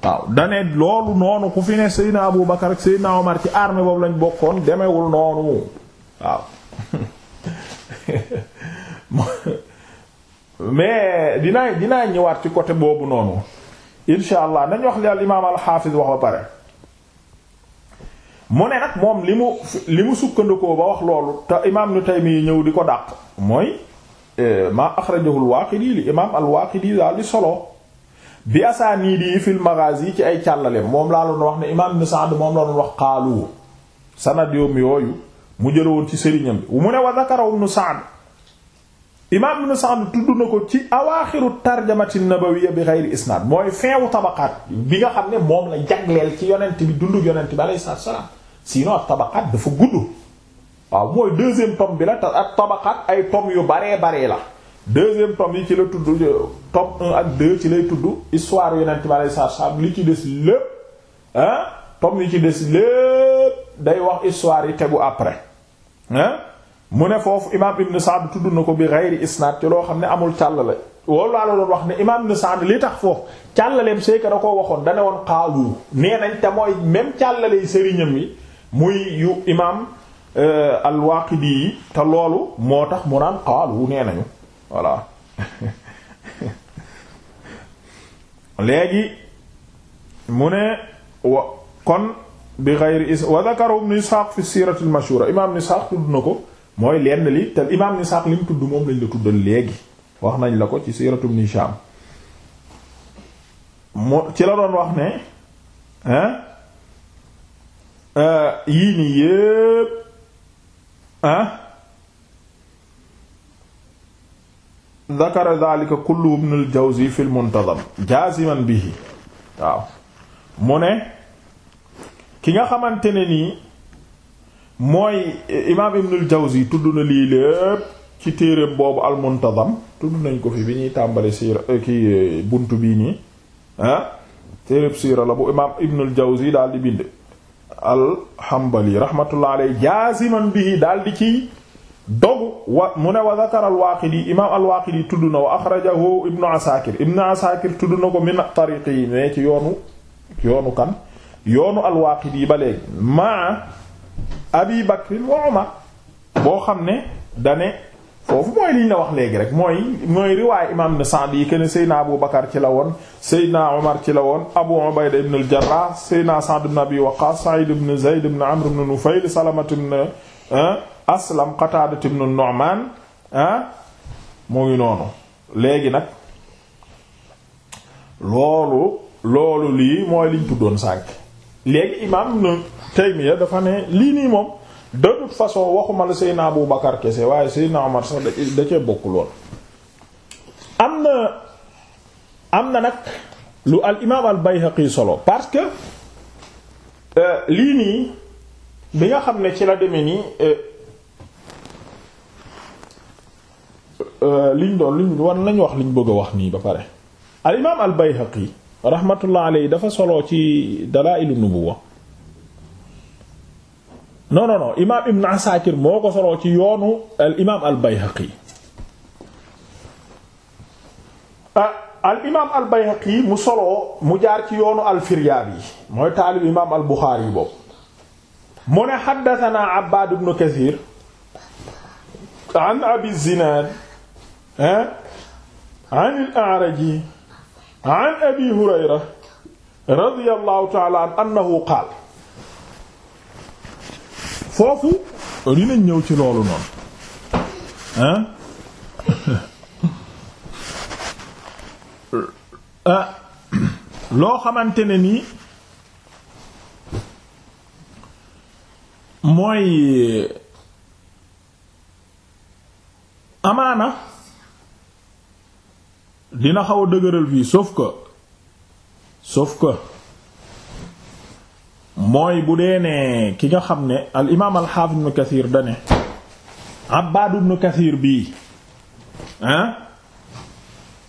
waaw dane loolu noonu ku fi ne seydna abu bakar ak seydna omar ci armée boobu lañ bokkoon demewul noonu waaw mais dinaa dinaa ñëwaat ci côté boobu noonu insha allah nañ wax li al imaam alxaafis wax ba pare mu ne nag moom li mu li mu sukkandikoo ba wax loolu te imaam nu Taymi ñëw di ko dàq mooy eh, maa axrajahu al-Waaqidi li imaam al-Waaqidi daal di solo bi asaaniidi yi fil maghaazi ci ay càllale moom laa doon wax ne imaam Ibn Sa'd moom la doon wax xaalu sanad yooyu. mu jël woon ci sëriñam bi mu ne wa zakara ibn Sa'd imaam ibn Sa'd tudd na ko ci awaaxiru tarjamati nabawiyya bi ghayri isnaad mooy fin wu tabaqaat bi nga xam ne moom la jagleel ci yonent bi dundu yonent bi alayhi salaatu salaam sinon ak tabaqaat dafa gudd waaw mooy deuxième tome bi la te ak ay tome yu baree baree la deuxième tome yi ci la tudd tome ak deux ci lay tudd histoire yonent bi alayhi salaatu salaam li ci des lépp ah tom yi ci des lépp day wax histoire yi tegu après hein mu ne foofu imaam ibn Sa'd tudd na ko bi gayri isnaad te loo xam ne amul càllale loolu laa la doon wax ne imaam ibn li tax foofu càllaleem c'est que da koo waxoon da ne woon xaalu nee nañ te mooy même càllale yi sëriñam muy yu imaam euh, al-Waaqidi te loolu moo tax mu naan xaalu nee voilà léegi mu ne wa. kon bi ghayri is wa dhakara ibn Ishaq fi sirat al mashhura imam ibn Ishaq tudd na ko mooy lenn li te imam ibn Ishaq li mu tudd moom lañ la tuddal léegi wax nañ la ko ci siratu ibn Hisham moo ci la doon wax ne hein euh, yii nii yépp hein dhakara dhalika kullu ibn al-Jawzi fi al-muntazam jaziman bihi waaw mu ne ki nga xamante ne nii mooy eh, imaam ibnul jawzi tudd na lii lépp ci téereem boobu almuntazam tudd nañ ko fi bi ñuy tàmbali siira eh, ki eh, bunt bii nii téere ah, téereeb siira la bu imaam ibnul jawzi daal di bind alhambali rahmatullah alay jaasiman bihi daal di ciy dogu wa mu ne wa zakara alwaaqidi imaam alwaaqidi tudd na wa axrajahu ibnu asakir ibnu asakir tudd na ko min tariqi yi mais ci yoonu yoonu kan yoonu al-Waaqidi ba léegi maa Abi Bakr wa Umar boo xam ne dane foofu mooy liñ la wax léegi rek mooy mooy riwaay imam ne Sa'd yi kenn Seydina Abu Bakar ci la woon Seydina Umar ci la woon Abu Ubayda ibn al-Jarrah Seydina Sa'd ibn Amr ibn Nufayl Salamat ibn ah, Aslam Qatada ibn Nu'man ah ngi noonu léegi nag loolu loolu lii mooy liñ tuddoon sànk léegi imaam Ibn Taymiyya dafa ne lii nii moom de toute façon waxuma la Seydina Abu Bakar kese waaye Seydina Omar sax da cee bokkul woon am na am na nag lu al imaam al Bayhaqi solo parce que euh, lii nii bi nga xam ne ci la deme nii euh, euh, liñ doon liñ war nañ wax liñ bëgg a wax nii ba pare al imaam al Bayhaqi rahmatullah alayhi dafa solo ci dalaa'ilu nubuwa non non non Ibn Asakir moo ko solo ci yoonu ah, al imaam al Bayhaqi mu solo mu jaar ci yoonu al Firyaabi mooy taalib imaam al Buxaari boobu mu ne haddasanaa Abbaad ibn Kasiir an Abi Zinaad ah, an al A'raji an abi hurayra radiyallahu taala an annahu qaal foofu dinañ ñëw ci loolu noonu hein ah, loo xamante ne nii mooy eh, amaana dina xawa a dëgëral fii sauf que sauf que mooy bu dee ne ki nga xam ne al imaam al xaafis ibnu Kasiir dane Abbaad ibnu Kasiir bii ah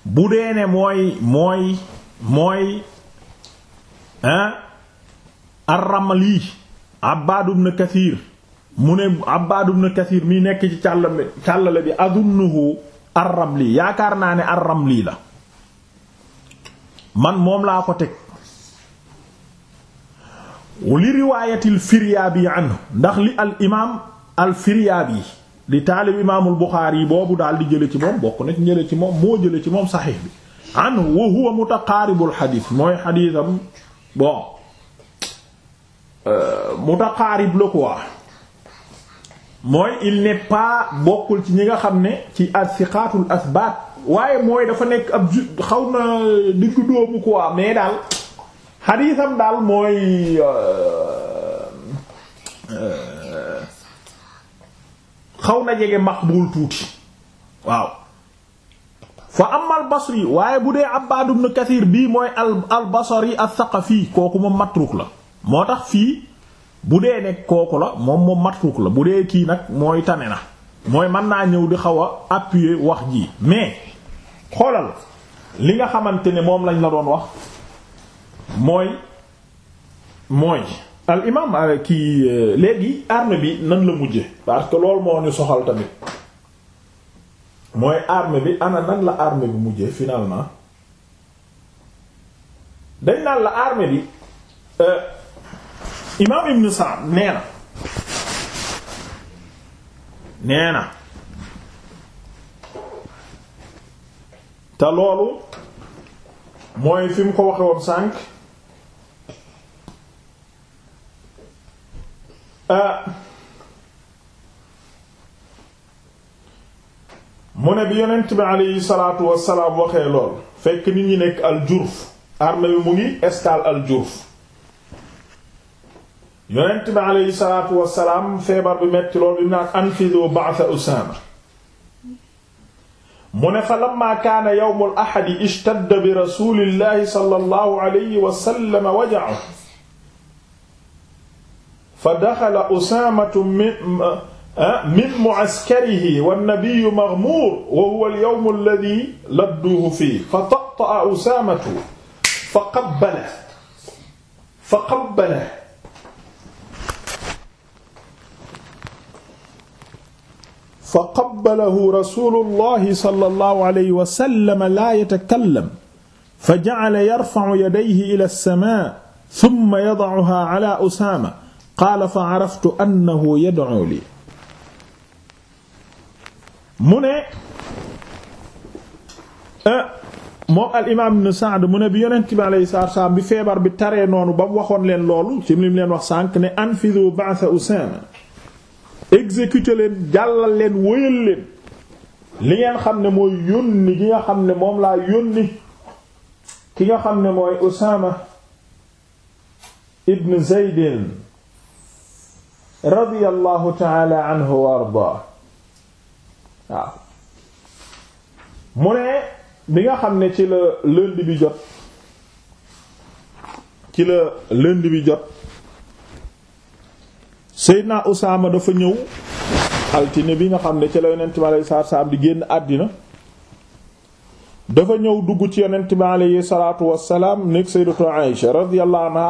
bu dee ne mooy mooy mooy ah ar-Ramli Abbaad ibnu Kasiir mu ne Abbaad ibnu Kasiir mii nekk ci càllale bi adunnuhu ar-Ramli yaakaar naa ne ar lii la man moom laa ko teg li riwaayatil Firyaabi anhu ndax li al imaam al Firyaabi li taalib imaamul Buxaari yi boobu daal di jële ci moom bokk ci moom moo jële ci moom saxiix bi anhu wa huwa mutaqaaribul xadiis mooy xadiisam bon euh, mutaqaarib la quoi mooy il n'est pas bokkul ci ñi nga xam ne ci asiqaatul asbaat waaye mooy dafa nekk ab ju xaw na diggu ko quoi mais daal xadiisam daal mooy euh, euh, xaw na jege maqbul tuuti waaw fa amma al basri waaye bu dee am Abbaad na Kathir bii mooy al yi basri al thaqafi kooku moom matruk la moo tax fii bu dee nekk kooku la moom moom matruuk la bu dee kii nag mooy tane na mooy man naa ñëw di xaw a appuyer wax ji mais xoolal li nga xamante ne moom lañ la doon wax mooy mooy al imam euh, kii euh, léegi arme bi nan la mujje parce que loolu moo ñu soxal tamit mooy arme bi ana nan la arme bi mujje finalement dañ naan la arme bi. Euh, imaam ibn Sa'd nee na te loolu mooy fi mu ko waxewoon woon sànq euh, mu ne bi yonent bi aleyhi salaatu wassalaam waxee lool fekk nit ñi nekk al jurf armée bi mu ngi escale al jurf yonent bi aleyhi salaatu wasalaam feebar bi metti lool bi naan anfidu ba'sa Usaama mu ne fa lamma kaana yawmul ahadi ishtadda bi rasuulillaahi sallallaahu alayhi wa sallam waja'uhu fa daxala Usaamatu min ah, mu'askarihi wan-nabiyyu maghmuur wa huwa al-yawmu alladhii labduuhu fiihi fa tatta'a Usaamatu fa qabbalahu fa qabbalahu fa qabbalahu rasulullahi sallallahu alayhi wa sallam la yatakallam fa ja'ala yarfa'u yadayhi ila as-samaa thumma yada'uha ala Usaama qaala fa araftu annahu yad'u li mu ne moom al imaam ibn Sa'd mu ne bi yonent bi alayhi salaatu wa salaam bi feebar bi taree noonu ba mu waxoon leen loolu ci lim leen wax sànq ne anfidhu ba'tha Usaama exécuter leen jàllal leen wóyal leen li ngeen xam ne mooy yónni nga xam ne moom laa yónni ki nga xam ne mooy Usaama ibn Zaydin radiyallahu ta'ala anhu wa ardaa waaw mu ne bi nga xam ne ci la lënd bi jot ci la lënd bi jot Seydina Usaama dafa ñëw altine bi nga xam ne ci la yonent bi alayhi salaatu salaam di génn àddina dafa ñëw dugg ci yonent bi alayhi salaatu wassalaam nekk Sayyidatu Aïsha radiyallahu anha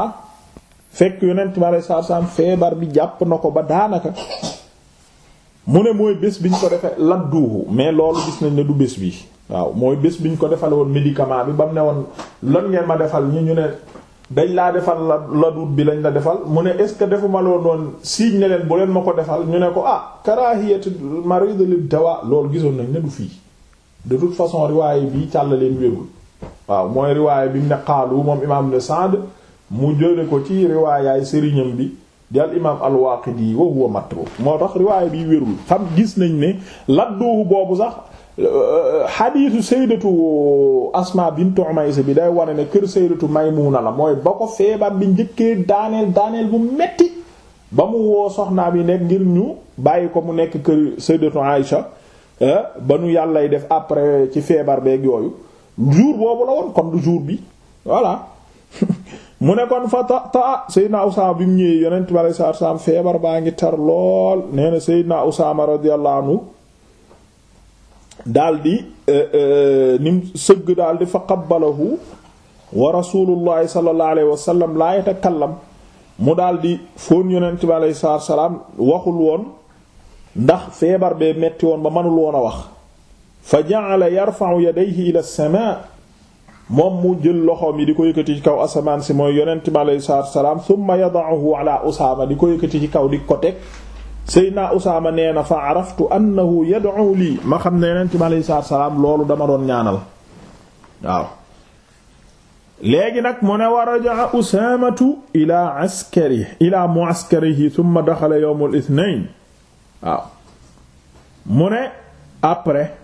fekk yonent bi alayhi salaatu salaam feebar bi jàpp na ko ba daanaka mu ne mooy bés bi ñu ko defee ladduuhu mais loolu gis nañ ne du bés bi waaw mooy bés bi ñu ko defal woon médicament bi ba mu ne woon lan ngeen ma defal ñu ñu ne dañ laa defal la la duut bi lañ la defal mu ne est ce que defuma loo doon signe ne leen bu leen ma ko defal ñu ne ko ah karahiyatu marid lid dawa loolu gisoon nañ ne du fii de toute façon riwaay bi càll leen wérul waaw mooy riwaay bi mu ne xaalu moom imam ne Sa'd mu jële ko ci riwaayaay sëriñam bi di al imam al-Waaqidi wa huwa matruuk moo tax riwaay bi wérul xam gis nañ ne ladduuhu boobu sax xadiisu sayyidatu Asma bintu Umays bi day wane ne kër sayyidatu Maymuna la mooy ba ko feebar bi njëkkee daaneel daaneel bu metti ba mu woo soxnaa bi nekk ngir ñu bàyyi ko mu nekk kër sayyidatu Aïsha eh, ba nu yàllay def après ci feebar beeg yooyu jour boobu la woon bi voilà mu ne kon fa ta ta Seydina bi mu ñëwee yonent bi sallallahu alayhi wasallam feebar baa ngi tar lool nee na Seydina Usaama radiyallahu daldi eh, eh, nim sëgg daldi fa qabbalahu wa rasulullahi sallallahu alayhi wa sallam laa yatakallam mu daldi fóon yonent bi alayhi salaatu salaam waxul woon ndax feebar bee metti woon ba manul woon a wax fa ja'ala yarfa'u yadayhi ila as-samaa moom mu jël loxoom yi di ko yëkkati ci kaw asamaan si mooy yonent bi alayhi salaam thumma yada'uhu ala usaama di ko yëkkati ci kaw di ko teg Seydina Usaama nee na fa araftu annahu yad'u lii ma xam ne yonent bi salaam loolu dama doon ñaanal waaw léegi nag mu ne wa raja'a Usaamatu ilaa askarihi ilaa mu'askarihi thumma daxala yawmul mu ne après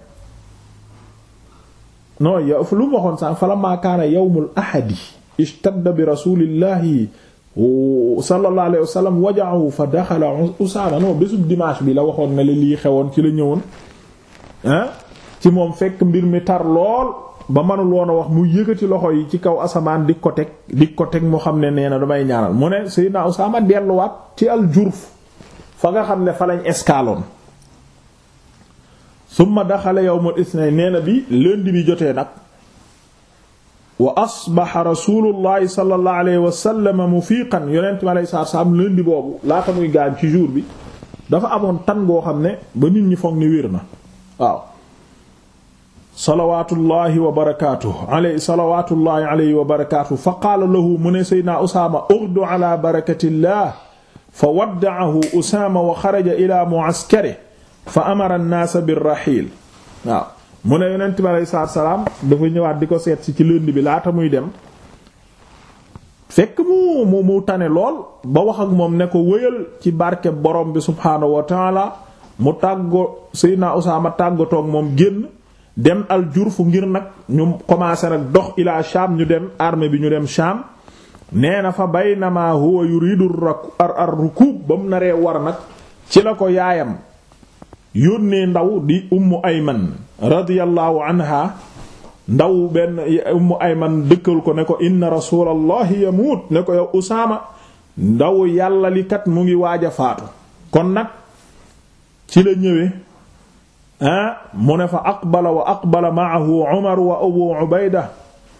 non yow lu mu waxoon sànq falammaa kaana yawmul ahadi ishtadda bi sallallahu alayhi wasallam waja'ahu fa daxala Usaama non bésub dimanche bi la waxoon ne la lii xewoon ci la ñëwoon ci moom fekk mbir mi tar lool ba mënul woon a wax mu yëkkati loxo yi ci kaw asamaan di ko teg di ko teg mu xam ne nee na damay ñaanal mu ne Seydina Usaama delluwaat ci al-Jurf fa nga xam ne fa lañ escaloon summa daxala yawmul isnayn nee na bi lundi bi jotee nag wa asbaxa rasulullahi sallallahu alayhi wa sallam mufiiqan yonent bi boobu laata muy gaañ ci jour bi dafa amoon tan goo xam ne ba nit ñi foog ni wér na waaw salawatullahi wa barakatuh alayhi salawatullahi alayhi wa barakatuh fa qaala lahu mu ne seydna usaama ughdu ala barakatillah fa waddaahu usaama wa xaraja ila mu'askari fa amara an-naasa bir mu ne yonent bi aleyhi salaatu salaam dafa ñëwaat di ko seet si ci lënd bi laata muy dem fekk mu mu tane lool ba wax ak moom ne ko wëyal ci barke borom bi subhaanahu wa taala mu tàggo Seydina Usaama tàggatoo ak moom génn dem al jurf ngir nag ñu commencé nag dox ilaa Sham ñu dem armée bi ñu dem Sham nee na fa bay baynama huwa yuridu ar ar rukub ba mu naree war nag ci la ko yaayam. yónnee ndaw di ummu ayman radiyallahu anha ndaw benn ummu ayman dëkkal ko ne ko inna rasulallahi yamuut ne ko yow usaama ndaw yàlla li kat mu ngi waaj a faatu kon nag ci la ñëwee ah mu ne fa aqbala wa aqbala maahu umar wa abu ubayda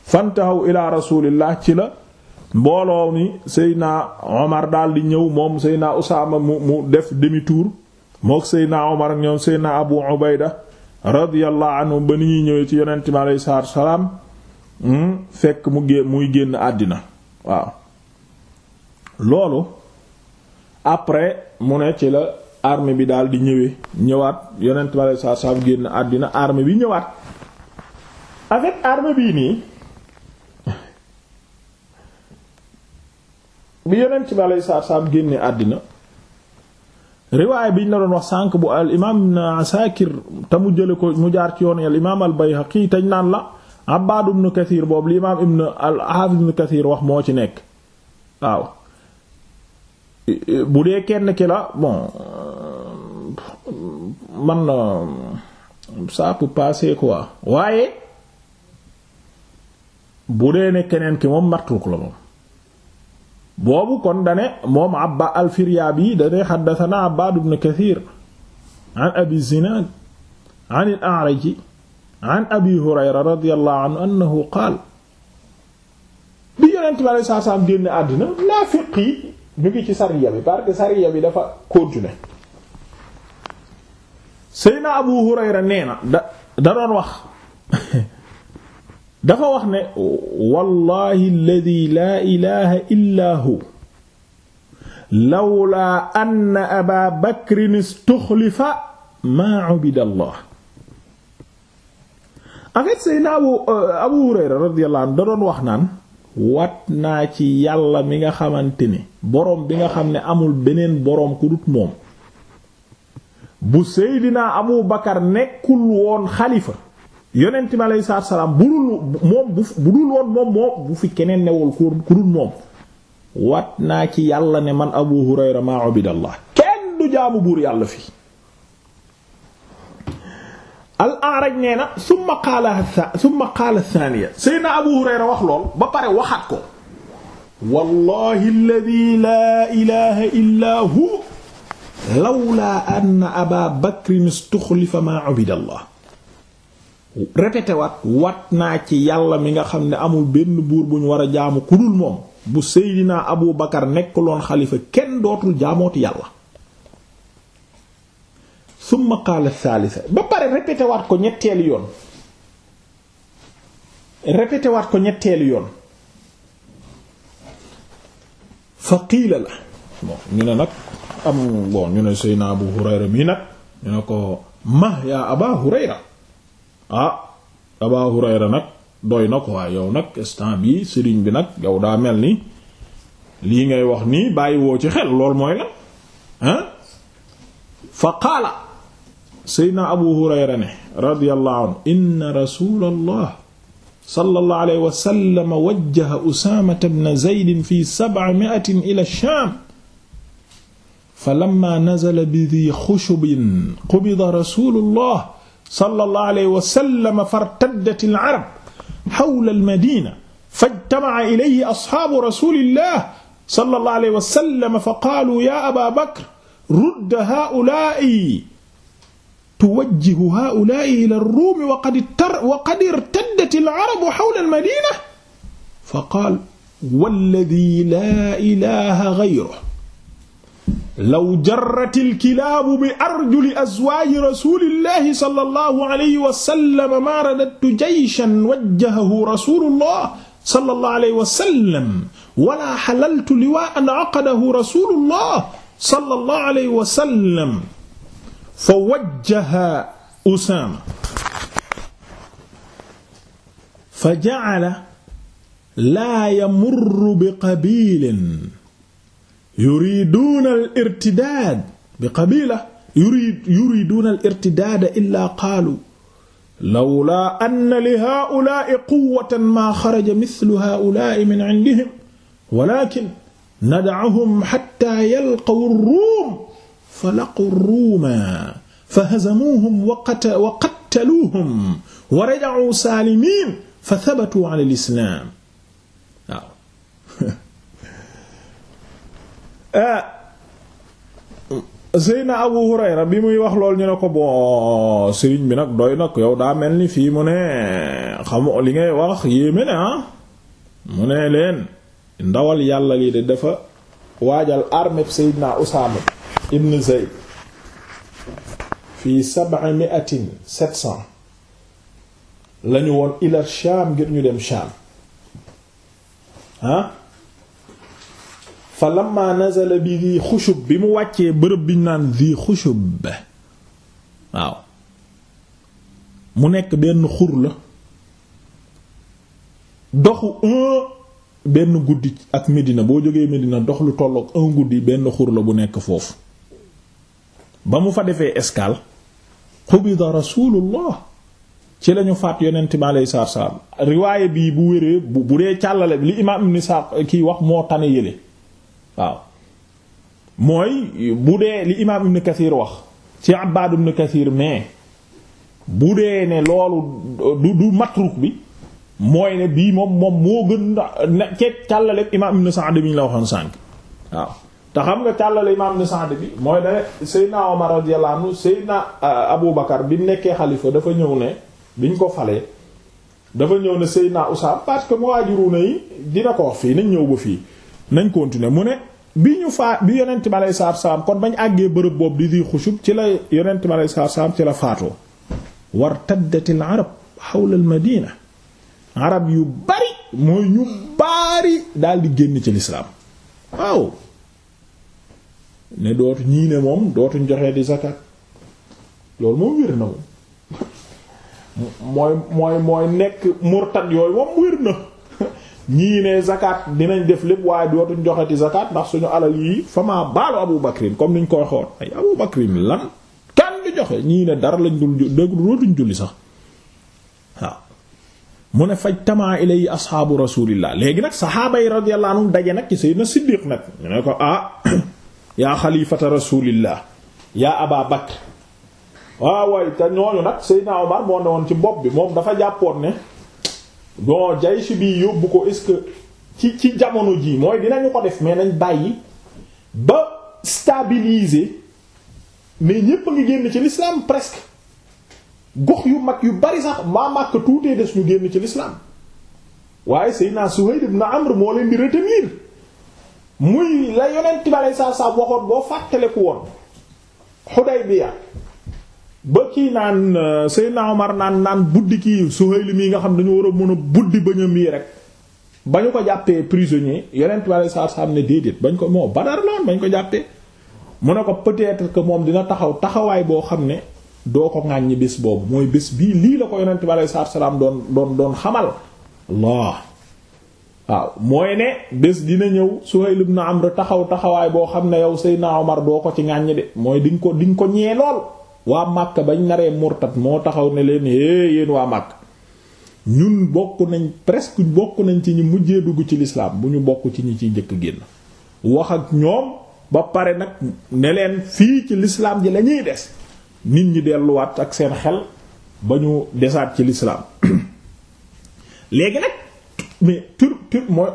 fantahaw ila rasulillah ci la mbooloo ni seydna omar daal di ñëw moom seydna usaama mu mu def demi mook seydna omar ak ñoom seydna abu ubayda radiyallahu ba ni ñuy ñëwee ci yonent mi aleyhi salaatu salaam hmm, fekk mu gé muy génn àddina waaw loolu après mu ne ci la armée bi daal di ñëwee ñëwaat yonent mi aleyhi salaatu salaam génn àddina armée bi ñëwaat avec armée bii nii bi yonent mi aleyhi salaatu génne àddina riwaay bi ñu la doon wax sànq bu al imaam ibn Asakir te mu jële ko mu jaar ci yoon al imaam al Bayhaqi tañ naan la Abbaad ibn Kathir boobu li imaam ibn al Haafiz ibn Kathir wax moo ci nekk waaw bu dee kenn ki la bon man na ça peut passer quoi waaye bu dee ne keneen ki moom matruk la moom boobu kon dane moom abba al-Firyaabi dane xaddathana Abbaad ibn an Abi Zinaad an al an Abi Hurayra radiyallahu anhu annahu qaal bi yonent bi alayhi salaam génn àddina naafiq yi ñu ngi ci sariya bi parce sariya bi dafa continuer Seydina Abu Hurayra nee na wax dafa wax ne wallahi alladhi laa ilaha illa hu lawlaa anna aba istuxlifa maa ubida allah en fait euh, abu hurayra radiyallahu da doon wax naan wat naa ci yàlla mi nga xamante ni boroom bi nga xam ne amul beneen boroom ku dut moom bu seydinaa abu nekkul woon xalifa yonent bi aleyhi salaam bu dul moom moom moom bu fi keneen newul ku dul moom wat naa ci yàlla ne man Abu Hurayra maa ubidallah kenn du buur yàlla fii al araj Abu Hurayra wax lool ba pare waxaat ko wallahi alladhi laa illa hu lawla anna Aba Bakrin istukhlifa maa ubidallah répété waat wat naa ci yàlla mi nga xam ne amul benn buur bu ñu war a jaamu ku dul moom bu seydinaa abu bakar nekkuloon xalifa kenn dootul jaamooti yàlla summa qaala thalitha ba pare répété ko ñetteelu yoon répété ko ñetteelu yoon fa qiila la bon ñu ne nag am bon ñu ne seydinaa abu hurayra mii nag ñu ne ko ma yaa aba hurayra ah Abaa Hurayra nag doy na ko waaye yow nag bi sëriñ bi nag yow daa mel ni lii ngay wax nii bàyyi woo ci xel lool mooy la ah fa qaala seydna Abu Hurayra ne radiyallahu anhu inna rasulallah sallallahu alayhi wa sallam wajjaha Usaamata bna Zaydin fi sab'imi'atin ila Shaam falamma nazala bi Dhi Khushub qubida sallallahu alayhi wa sallam fartaddat al arab hawla al madina fajtama'a ilayhi ashaabu rasulillah sallallahu alayhi wa sallam faqaalu ya aba bakr rudd haa'ulaa'i tuwajjihu haa'ulaa'i ila ar-ruum wa qad irtaddat al arab hawla al madina faqaal wallazii laa ilaaha ghayruhu law jarratil kilaabu bi arjuli azwaaji rasulillahi sallallahu alayhi wa sallam maa radattu jayshan wajjahahu rasulullah sallallahu alayhi wa sallam wala halaltu liwaa'an aqadahu rasulullah sallallahu alayhi wa sallam fa wajjaha Usaama fa ja'ala laa yamurru bi qabiilin yuriduuna al irtidaad bi qabila yuriduuna al irtidaada illa qaalu lawlaa anna li haa'ulaa'i quwwatan maa xaraja mislu haa'ulaa'i min indihim walaakin nad'uhum hattaa yalqaw ar-ruum falaqu ar-ruuma fahazamuuhum wa qattaluuhum wa raja'uu saalimiin fathabatuu ala al-islaam Eh, Seyna Abu Hurayra bi muy wax lool ñu ne ko bon sëriñ bi nag doy nag yow daa mel ni fii mu ne xamu li ngay wax yéeme ne ah mu ne leen ndawal yàlla lii de dafa waajal armée Seydina Usaama ibn Zayd fii sab'a mi'atin sept cent lañu woon ila Shaam ngir ñu dem Shaam ah. fa lamma bi di xushub bi mu wàccee bërëb biñ naan di xushub waaw mu nekk benn xur la doxu un benn guddi ak Medina boo jógee Medina dox lu tolloog un guddi benn xur la bu nekk foofu ba mu fa defee escale xubida rasulullah ci lañu faat yonent bi aleyhi salaatu salaam riwaaye bii bu wéree bu bu dee càllale bi li imaam ibn Sa'd kii wax moo tane yële waaw mooy bu dee li imaam ibn Kathir wax ci Abbad ibn Kathir mais bu dee ne loolu du du matruk bi mooy ne bii moom moom moo gën na ceeb càllale imaam ibn Sa'd bi ñu la waxoon sànq te xam nga càllale imaam bi mooy dane Seydina Omar radiyallahu anhu Seydina euh, Abu Bakar bi nekkee xalifa dafa ñëw ne biñ ko falee dafa ñëw ne Seydina Usaama parce que mu waajuru na yi dina ko wax fii nañ ñëw ba fii nañ continuer mu ne bi ñu faa bi yonent bi aleyhi salaatu salaam kon bañ àggee bërëb boobu di di xushub ci la yonent bi aleyhi salaatu salaam ci la faatoo war taddatil arab xawla al madina arab yu bari mooy ñu bari daal di génn ci lislaam waaw ne dootu ñii moom dootuñ joxee di zakat loolu moom wér na moom mooy mooy mooy nekk murtad yooyu moom wér na ñii ne zakat dinañ def lépp waaye dootuñ joxeti zakat ndax suñu alal yii fama baalu Abu Bakrin comme niñ koy xool ay Abu Bakrin lan kan du joxe ñii ne dara lañ dul dëgg dootuñ julli sax mu ne faj tamaa ilay asxaabu rasulillah léegi nag saxaaba yi radiyallahu anhum daje nag ci sayyidina Siddiq nag ñu ne ko ah yaa xalifata rasulillah yaa Aba Bakr waaw waay te ñooñu nag sayyidina Omar moo ne woon ci bopp bi moom dafa jàppoon ne bon jaysh bi yóbbu ko est-ce que ci ci jamono jii mooy dinañu ko def mais nañ bàyyi ba stabiliser mais ñépp a ngi génn ci l'islam presque gox yu mag yu bari sax maa màkk tuutee des ñu génn ci l'islam waaye Seydina Suhayd ibn Amr moo leen di retenir muy la yonent bi aleyhi salaatu salaam waxoon boo fàttaleku woon Hudaybiya ba kii naan euh, Seydina Omar naan naan buddi kii Suhayl yi nga xam dañu war a mën a buddi bëñam yi rek ba ñu ko jàppee prisonnier yeneen tubaab yi saa ne déedéet bañ ko moo Badar loon bañ ko jàppee mu ne ko peut-être que moom dina taxaw taxawaay boo xam ne doo ko ŋàññi bés boobu mooy bés bii lii la ko yonent bi aleyhi salaatu salaam doon doon doon xamal Allah waaw mooy ne bés dina ñëw Suhayl ibn Amr taxaw taxawaay boo xam ne yow Seydina Omar doo ko ci ŋàññi de mooy di ko di ko ñee lool waa Màkka bañ naree murtat moo taxaw ne leen é yéen waa Màkka ñun bokk nañ presque bokk nañ ci ñi mujjee dugg ci lislaam bu ñu bokk ci ñi ciy njëkk génn wax ak ñoom ba pare nag ne leen fii ci lislaam ji lañuy des nit ñi delluwaat ak seen xel ba ñu desaat ci lislaam léegi nag tur tur mooy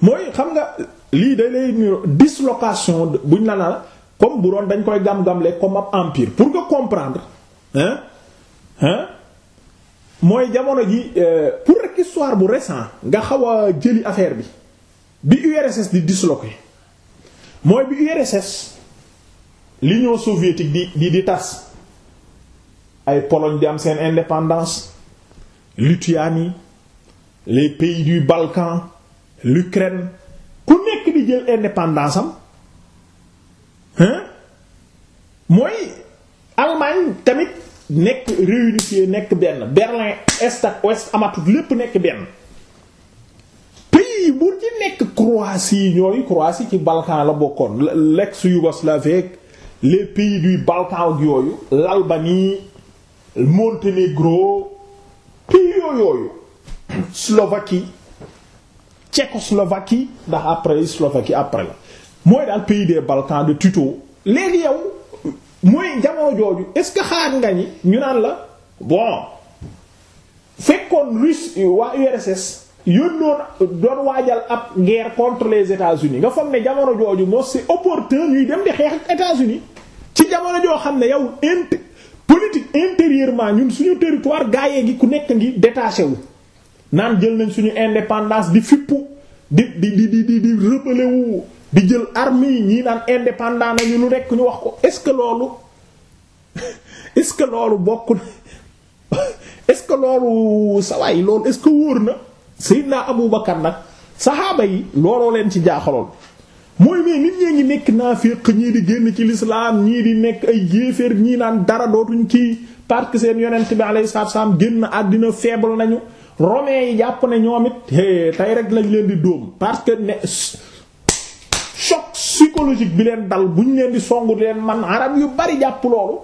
mooy xam nga lii day lay dislocation buñ la na comme bu doon dañ koy gam-gamle comme ab empire pour nga comprendre hein hein mooy jamono ji euh, pour rek histoire bu récent nga xaw a jëli affaire bi bi URSS di disloqué mooy bi URSS l'Union soviétique di di di tas ay Pologne di am seen indépendance Lituanie les pays du Balkan l'Ukraine ku nekk di jël indépendance am mooy Allemagne tamit nekk réunifié nekk benn Berlin est ak ouest amatut lépp nekk benn pays bu ci nekk Croatie ñooyu Croatie ci Balkan la bokkoon l'ex-Yougoslavie les pays du Balkan ak yooyu l'Albanie Monténégro pays yooyu Slovaquie Tchécoslovaquie ndax après Slovaquie après la mooy daal pays des Balkans de Tito léegi yow mooy jamono jooju est-ce que xaar nga ñi ñu naan la bon fekkoon Russe waa URSS yónnoon doon waajal ab guerre contre les États-Unis nga foog ne jamono jooju moo si opportun ñuy dem di xeex ak États-Unis ci jamono joo xam ne yow int politique intérieurement ñun suñu territoire gaayee gi ku nekk ngi détaché wu naan jël nañ suñu indépendance di fippu di di di di di di di jël armée ñii naan indépendant nañu lu nekk ñu wax ko est-ce que loolu est-ce que loolu bokk est-ce que loolu sawaay loolu est-ce que wóor na Seydina Abu Bakar nag saxaaba yi looloo leen ci jaaxaloon mooy mais nit ñee ngi nekk naaféq ñii di génn ci lislaam ñii di nekk ay yéeféer ñii naan dara dootuñ ci parce que seen yonent bi alayhi salaatu salaam génn àddina faible nañu romain yi jàpp ne ñoom it tey rek lañ leen di dóom parce que ne psychologique bi leen dal bu ñu leen di songu leen man arab yu bari jàpp loolu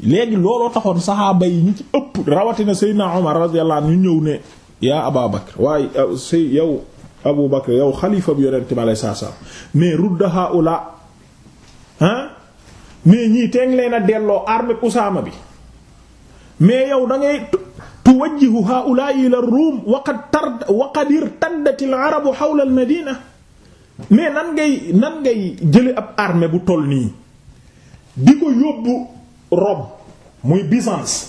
léegi looloo taxoon saxaaba yi ñu ci ëpp rawatina Seydina Omar radiyallahu anhu ñu ñëw ne yaa Aba waaye uh, sëy yow Abu Bakr yow xalifa bi yonente bi aleye saa salaam mais rudda haula ah mais ñii teeng leen a delloo armée Usaama bi mais yow da ngay tuwajjihu haula ila Rum waqad tard waqad arabu hawla madina mais nan ngay nan ngay jële ab armée bu toll nii di ko yóbbu rob muy Byzance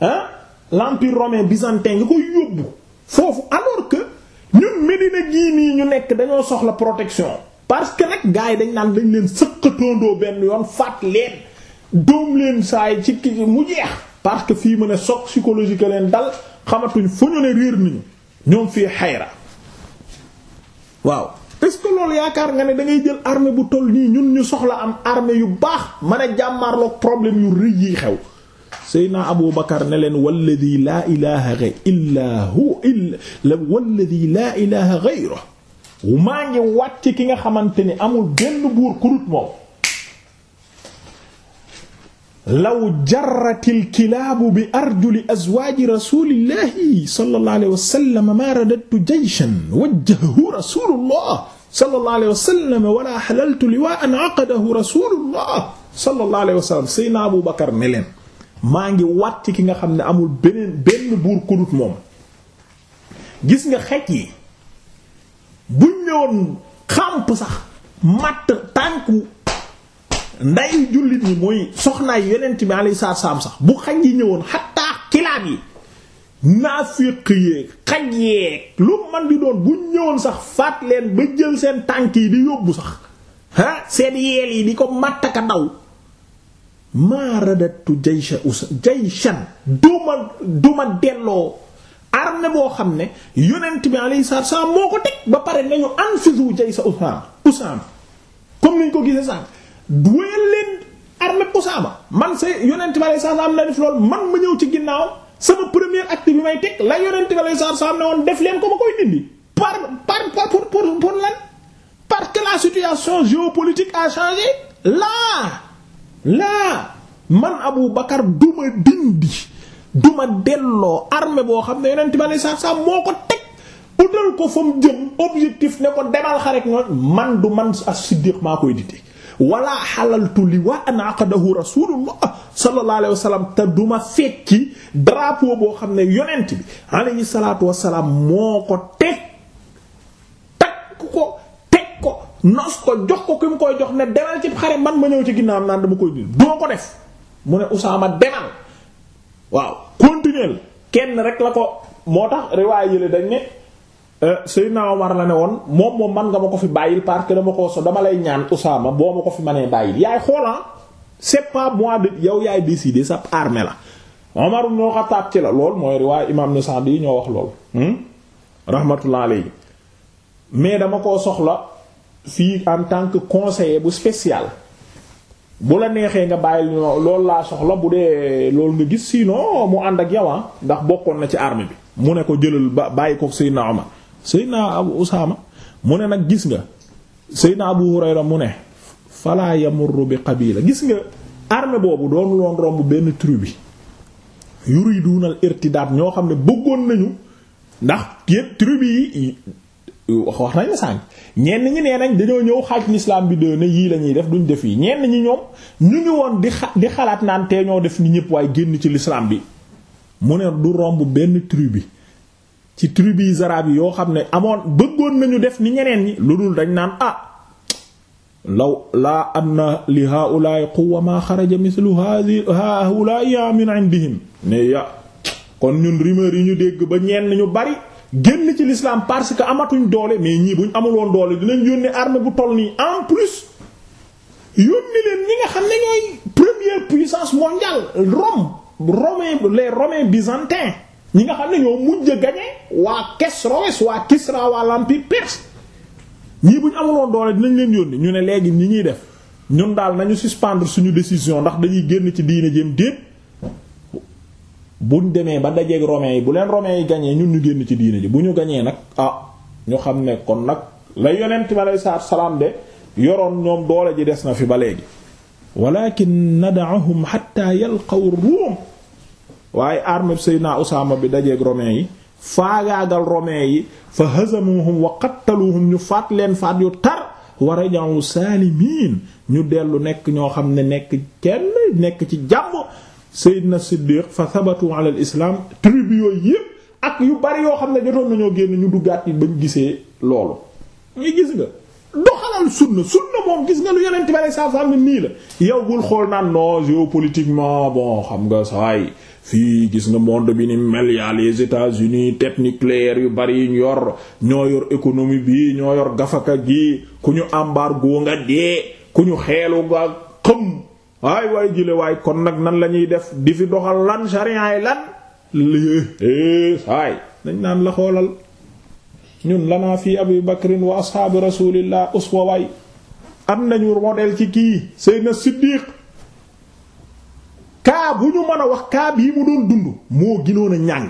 ah l'empire romain byzantin nga koy yóbbu foofu alors que ñun Médina gii nii ñu nekk dañoo soxla protection parce que nag gars yi dañ naan dañ leen sëqatondoo benn yoon faat leen doom leen saay ci kii mu jeex parce que fii mu ne choc psychologique leen dal xamatuñ fu ñu ne réer nañu ñoom fii xayra waaw est-ce que loolu yaakaar nga ne da ngay jël armée bu toll nii ñun ñu soxla am armée yu baax mën a problème yu rëy yi xew Seydina Abu Bakar ne leen walladi laa ilaha illa hu illa walladi laa ilaha ghayruhu maa ngi wàcc ki nga xamante ni amul benn buur kurut moom law jarratil kilaabu bi arjuli azwaaji rasulillahi sallallahu alayhi wa sallam ma radadtu jayshan wajjahahu rasulullah sallallahu alayhi wa sallam wala halaltu liwaa'an aqadahu rasulullah sallallahu alayhi wa sallam Seydina Abu Bakar ne leen maa ngi wàcc ki nga xam ne amul beneen benn buur kudut moom gis nga xeej yi buñ ñëwoon xàmp sax matt tànku nday jullit ñi mooy soxnaay yonent bi alayhi salaam sax bu xaj yi ñëwoon xattaa kilaab yi naafiq yeeg xaj yeeg lu man di doon bu ñëwoon sax faat leen ba jël seen tànk yi di yóbbu sax ah seen yeel yi di ko màttaka daw maa radattu jaysha usa jayshan duma duma delloo arme boo xam ne yonent bi alayhi salaam moo ko teg ba pare nañu anfizu jaysa usaam usaam comme niñ ko gisee sànq wéyal leen armée Usaama man sa yonent bi alayhi salaam la def lool man ma ñëw ci ginnaaw sama premier acte bi may teg la yonent bi alayhi salaam ne woon def leen ko ma koy dindi par par pour pour pour lan parce que la situation géopolitique à changé là là man Abu Bakar duma dindi duma delloo armée boo xam ne yonent bi alayhi salaam moo ko teg utal ko fa mu jëm objectif ne ko demal xarek noonu man du man a siddiq maa koy dindi wala xalaltu liwaan aqadahu rasulullah sallallahu alayhi wa sallam te duma fekki drapeau boo xam ne yonent bi alayhi salatu wasalaam moo ko teg takk ko teg ko nos ko jox ko ki mu koy jox ne demal ci xare man ma ñëw ci ginnaaw naan dama koy dil doo ko def mu ne Usaama demal waaw continuer kenn rek la ko moo tax riwaay yële dañ ne Euh, Seydina Omar la ne woon moom moom man nga ma ko fi bàyyil parce que dama ko so dama lay ñaan Usaama boo ma ko fi mënee bàyyil yaay xoolan ah, c'est pas de yow yaay décider sa armée la Omar ibn Khattab ci la lool mooy riwaay imam Ibn Sa'd yi ñoo wax lool hmm? rahmatullah alayhi mais dama koo soxla fii en tant que conseiller bu spécial bu la neexee nga bàyyil lool laa soxla bu dee loolu nga gis sinon mu ànd ak yow ah, ndax bokkoon na ci armée bi mu ne ko jëlal ba bàyyi ko Seydina Omar Seydina Abu Usaama mu ne nag gis nga Seydina Abu Hurayra mu ne falaa yamurru bi qabila gis nga armée boobu doonu loon romb benn tribu bi yuriduna al irtidaad ñoo xam ne bëggoon nañu ndax yépp tribu yi wax wax nañ la sànq ñenn ñi nee nañ dañoo ñëw xaaj l'islam bi de ne yii lañuy def duñu def yi ñenn ñi ñoom ñu ngi woon di di xalaat naan te ñoo def ni ñëpp waaye génn ci l'islam bi mu ne du romb benn tribu bi ci tribus arabes yi yoo xam ne amoon bëggoon nañu def ni ñeneen ñi lu dul dañ naan ah la am na li haula'i quwwa ma xaraja mithlu haula'i min indihim ne ya kon ñun rumeur yi ñu dégg ba ñenn ñu bari génn ci l'islam parce que amatuñ doole mais ñii buñ amul woon doole dinañ yónni armée bu toll nii en plus yónni leen ñi nga xam ne ñooy première puissance mondiale Rome Romain les Romains byzantins ñi nga xam ne ñoo mujj a gagné waa Kesroes waa Kisra waa l'empire perse ñii bu ñu amuloon doole dinañ leen yónni ñu ne léegi ñi ñuy def ñun daal nañu suspendre suñu décision ndax dañuy génn ci diine jëm déet buñ demee ba dajeeg romains yi bu leen romains yi gagné ñun ñu génn ci diine ji bu ñu gañee nag ah ñu xam ne kon nag la yonent bi aleyhi salaatu salaam de yoroon ñoom doole ji des na fi ba léegi walakin nad'ahum hatta yalqaw ar-rum waaye armée Seydina Usaama bi dajeeg romain yi faagaagal romain yi fa hazamuhum wa qattaluhum ñu faat leen faat yu tar wa rajawu saalimiin ñu dellu nekk ñoo xam ne nekk kenn nekk ci jàmm Seydina Siddiq fa sabatu ala al islam tribu yépp ak yu bare yoo xam ne jotoon nañoo génn ñu duggaat yi ba ñu gisee loolu ñu gis nga doxalal sunna sunna moom gis nga lu yonent bi saa saa ne nii la yow bul xool naan non géopolitiquement bon xam nga saay fii gis nga monde bi ni mel yaa les États-Unis tête nucléaire yu bari yu ñu yor ñoo yor économie bi ñoo yor gafaka gi ku ñu ambar embargo nga dee ku ñu xeelu nga xëm waay waay jile waay kon nag nan la ñuy def di fi doxal lan charian yi lan lé eh, saay dañ naan la xoolal ñun lanaa fi abi bakrin wa ashaabi rasulillah uswa am nañu modèle ci kii Seydina Siddiq kaa bu ñu mën a wax kaa yi mu doon dund moo ginoon a ñàng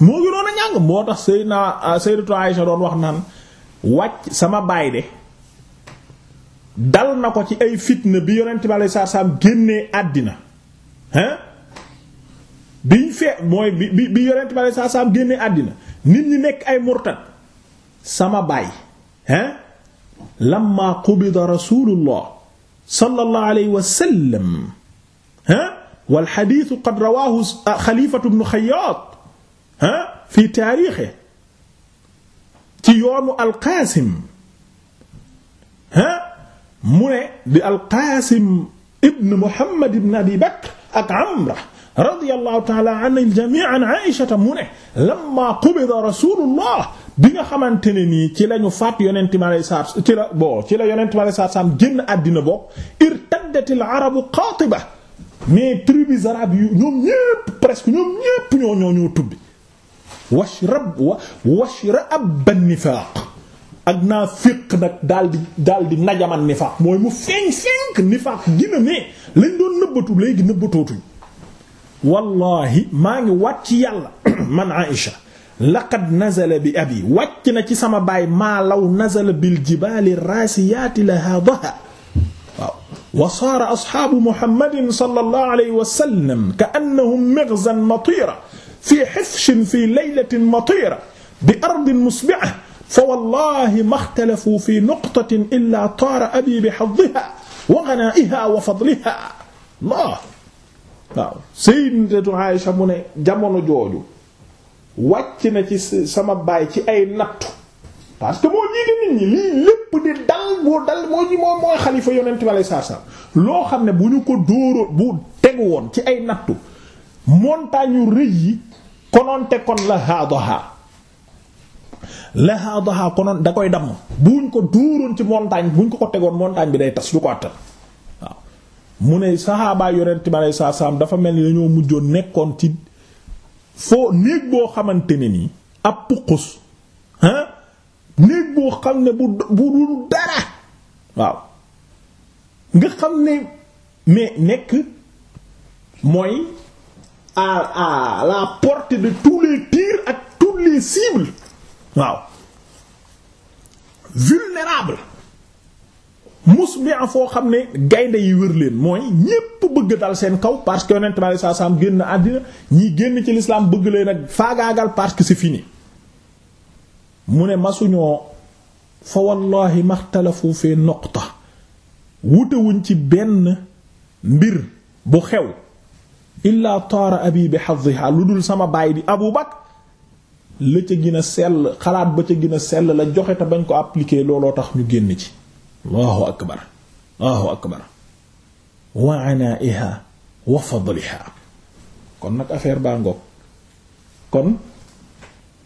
moo ginoon a ñàng moo tax Seydina ah, doon wax naan wàcc sama baay de dal na ko ci ay fitna bi yonent bi alayhi salaam génnee àddina hein biñ fee mooy bi bi yonent bi alayhi salaam génnee àddina nit ñi nekk ay murtad sama baay hein lamma qubida rasulullah sallallahu alayhi wa sallam hein wal hadith qad rawahu xalifatu ibn xayyat hein fi taarixe ci yoonu alqaasim hein mu ne di alqaasim ibn muhammad ibn abi bakr ak amra radiyallahu taala an al-jamii an Aysata mu ne lamma qubida rasulullah bi nga xamante ne nii ci lañu ñu faat yonent mi alayhi salaatu ci la boo ci la yonent mi alayhi salaatu salaam génn àddina bopp irtaddat al-arabu qaatiba mais tribus arabes yu ñoom ñépp presque ñoom ñépp ñoo ñoo ñoo tubbi washrab washra abba nifaaq ak naa féq nag daal di daal di najaman nifaaq mooy mu feeñ-feeñ nifaaq gina ne lañ doon nëbbatu léegi nëbbatootuñ wallahi maa ngi wàcc yàlla man Aïcha laqad nazala bi abi wàcc na ci sama baay maa law nazala bil jibaali raasiyaati lahaadaha waaw wa saara asxaabu muhammadin sallallahu alayhi wa sallam ka'annahum mighzan matira fi hifshin fi laylatin matira bi ardin musbi'a fa wallahi ma ikhtalafu fi nuqtatin illa taara abi bi haddiha wa ghanaa'iha wa fadliha Allah waaw sayyidatu sa mu ne jamono jooju wàcc na ci sama baay ci ay nattu parce que moo jiite nit ñi lii lépp di dal boo dal moo ji mooy xalifa yonent bi aleyhi salaatu salaam loo xam ne bu ñu ko dóoroo bu tegu woon ci ay nattu montagne yu rëy yi konoon te kon la haadaha la haadaha konoon da koy damm buñ ko dóoroon ci montagne buñ ko ko tegoon montagne bi day tas du ko attan mu ne saxaabaa yonent bi aleyhi salaatu salaam dafa mel ni dañoo mujjoon nekkoon ci foo néeg boo xamante ne nii ab puqus ah néeg boo xam ne bu dul dara waaw nga xam ne mais nekk mooy à à la porte de tous les ak toutes les waaw musbi'a foo xam ne gaynde yi wér leen mooy ñépp bëgg dal seen kaw parce que yonent bi saa saam génn àddina ñi génn ci lislaam bëgg leen ak faagaagal parce que c'est fini mu ne masuñoo fa wallahi maxtalafu fi noqta wutewuñ ci benn mbir bu xew illaa taara abi bi xaddiha lu dul sama baay bi abu bakar la ca gën a sell xalaat ba ca gën a sell la joxe te bañ ko appliquer looloo tax ñu génn ci allahu akbar allahu akbar wa anaiha wa fadliha kon nag affaire baa ngoog kon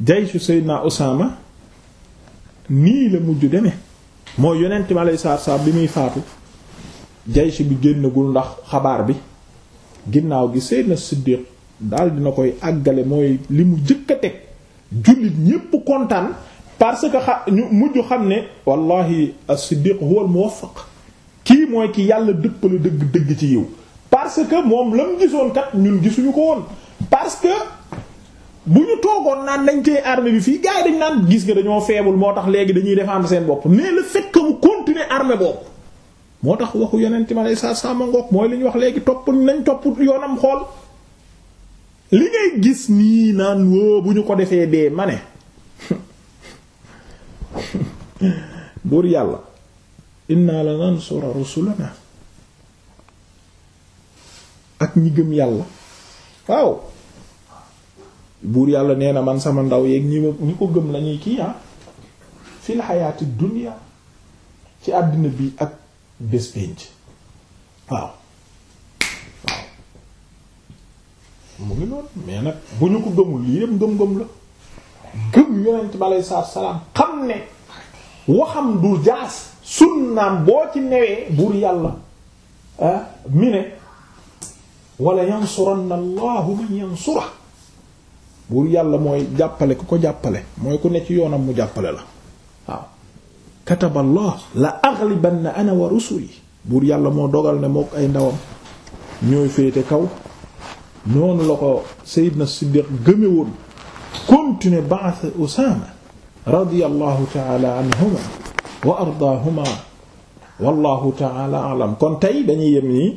jaysu sayyidina Usaama nii la mujj deme mooy yonent bi alayhi salaatu salaam bi muy faatu jaysu bi génnagul ndax xabaar bi ginnaaw gi sayyidina Siddiq daal dina koy àggale mooy li mu jëkk a teg jullit ñépp kontaan parce que xa ñu mujj xam ne wallahi as-siddiq huwa al-muwaffaq kii mooy ki yàlla dëppale dëgg dëgg ci yiw parce que moom la mu gisoon kat ñun gisuñu ko woon parce que bu ñu toogoon naan nañ cee armée bi fii gars dañ naan gis nga dañoo feebul moo tax léegi dañuy défendre seen bopp mais le fait que mu continuer armée boobu moo tax waxu yonent ma lay sa sama ngoog mooy li ñu wax léegi topp nañ topp yoonam xool li ngay gis nii naan bu ñu ko defee dee ma ne buur yàlla inna la nansura rusulana ak ñi gëm yàlla waaw buur yàlla nee na man sama ndaw yeeg ñi ñi ko gëm lañuy kii ah fil xayaati dunya ci àddina bi ak bés pénc waaw waaw mu ngi noonu mais nag bu ñu ko gëmul lii yëpp gëm-gëm la gëm yonent bi aleyhi salaam xam ne waxam du jaas sunnaam boo ci newee buur yàlla ah, mi ne wala yansuranna allahu man yansura buur yàlla mooy jàppale ku ko jàppale mooy ku ne ci yoonam mu jàppale la waaw kataballah la aghlibanna ana wa rusuli buur yàlla moo dogal ne mook ay ndawam ñooy féete kaw noonu la ko Seydina Siddiq gëme woon continuer ba'ath Usaama radiyallahu ta'ala anhuma wa ardaahuma wallahu ta'ala alam kon tey dañuy yem nii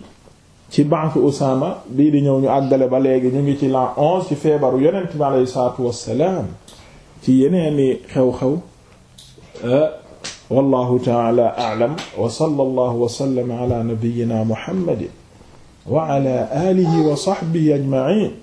ci ba'ath Usaama bii di ñëw ñu àggale ba léegi ñu ngi ci la onze ci feebaru yonent bi alayhi salaatu wassalaam ci yeneeni xew-xew wallahu ta'ala a'lam wa sallallahu wa sallama ala nabiyyina muhammadin wa ala alihi wa sahbihi ajma'in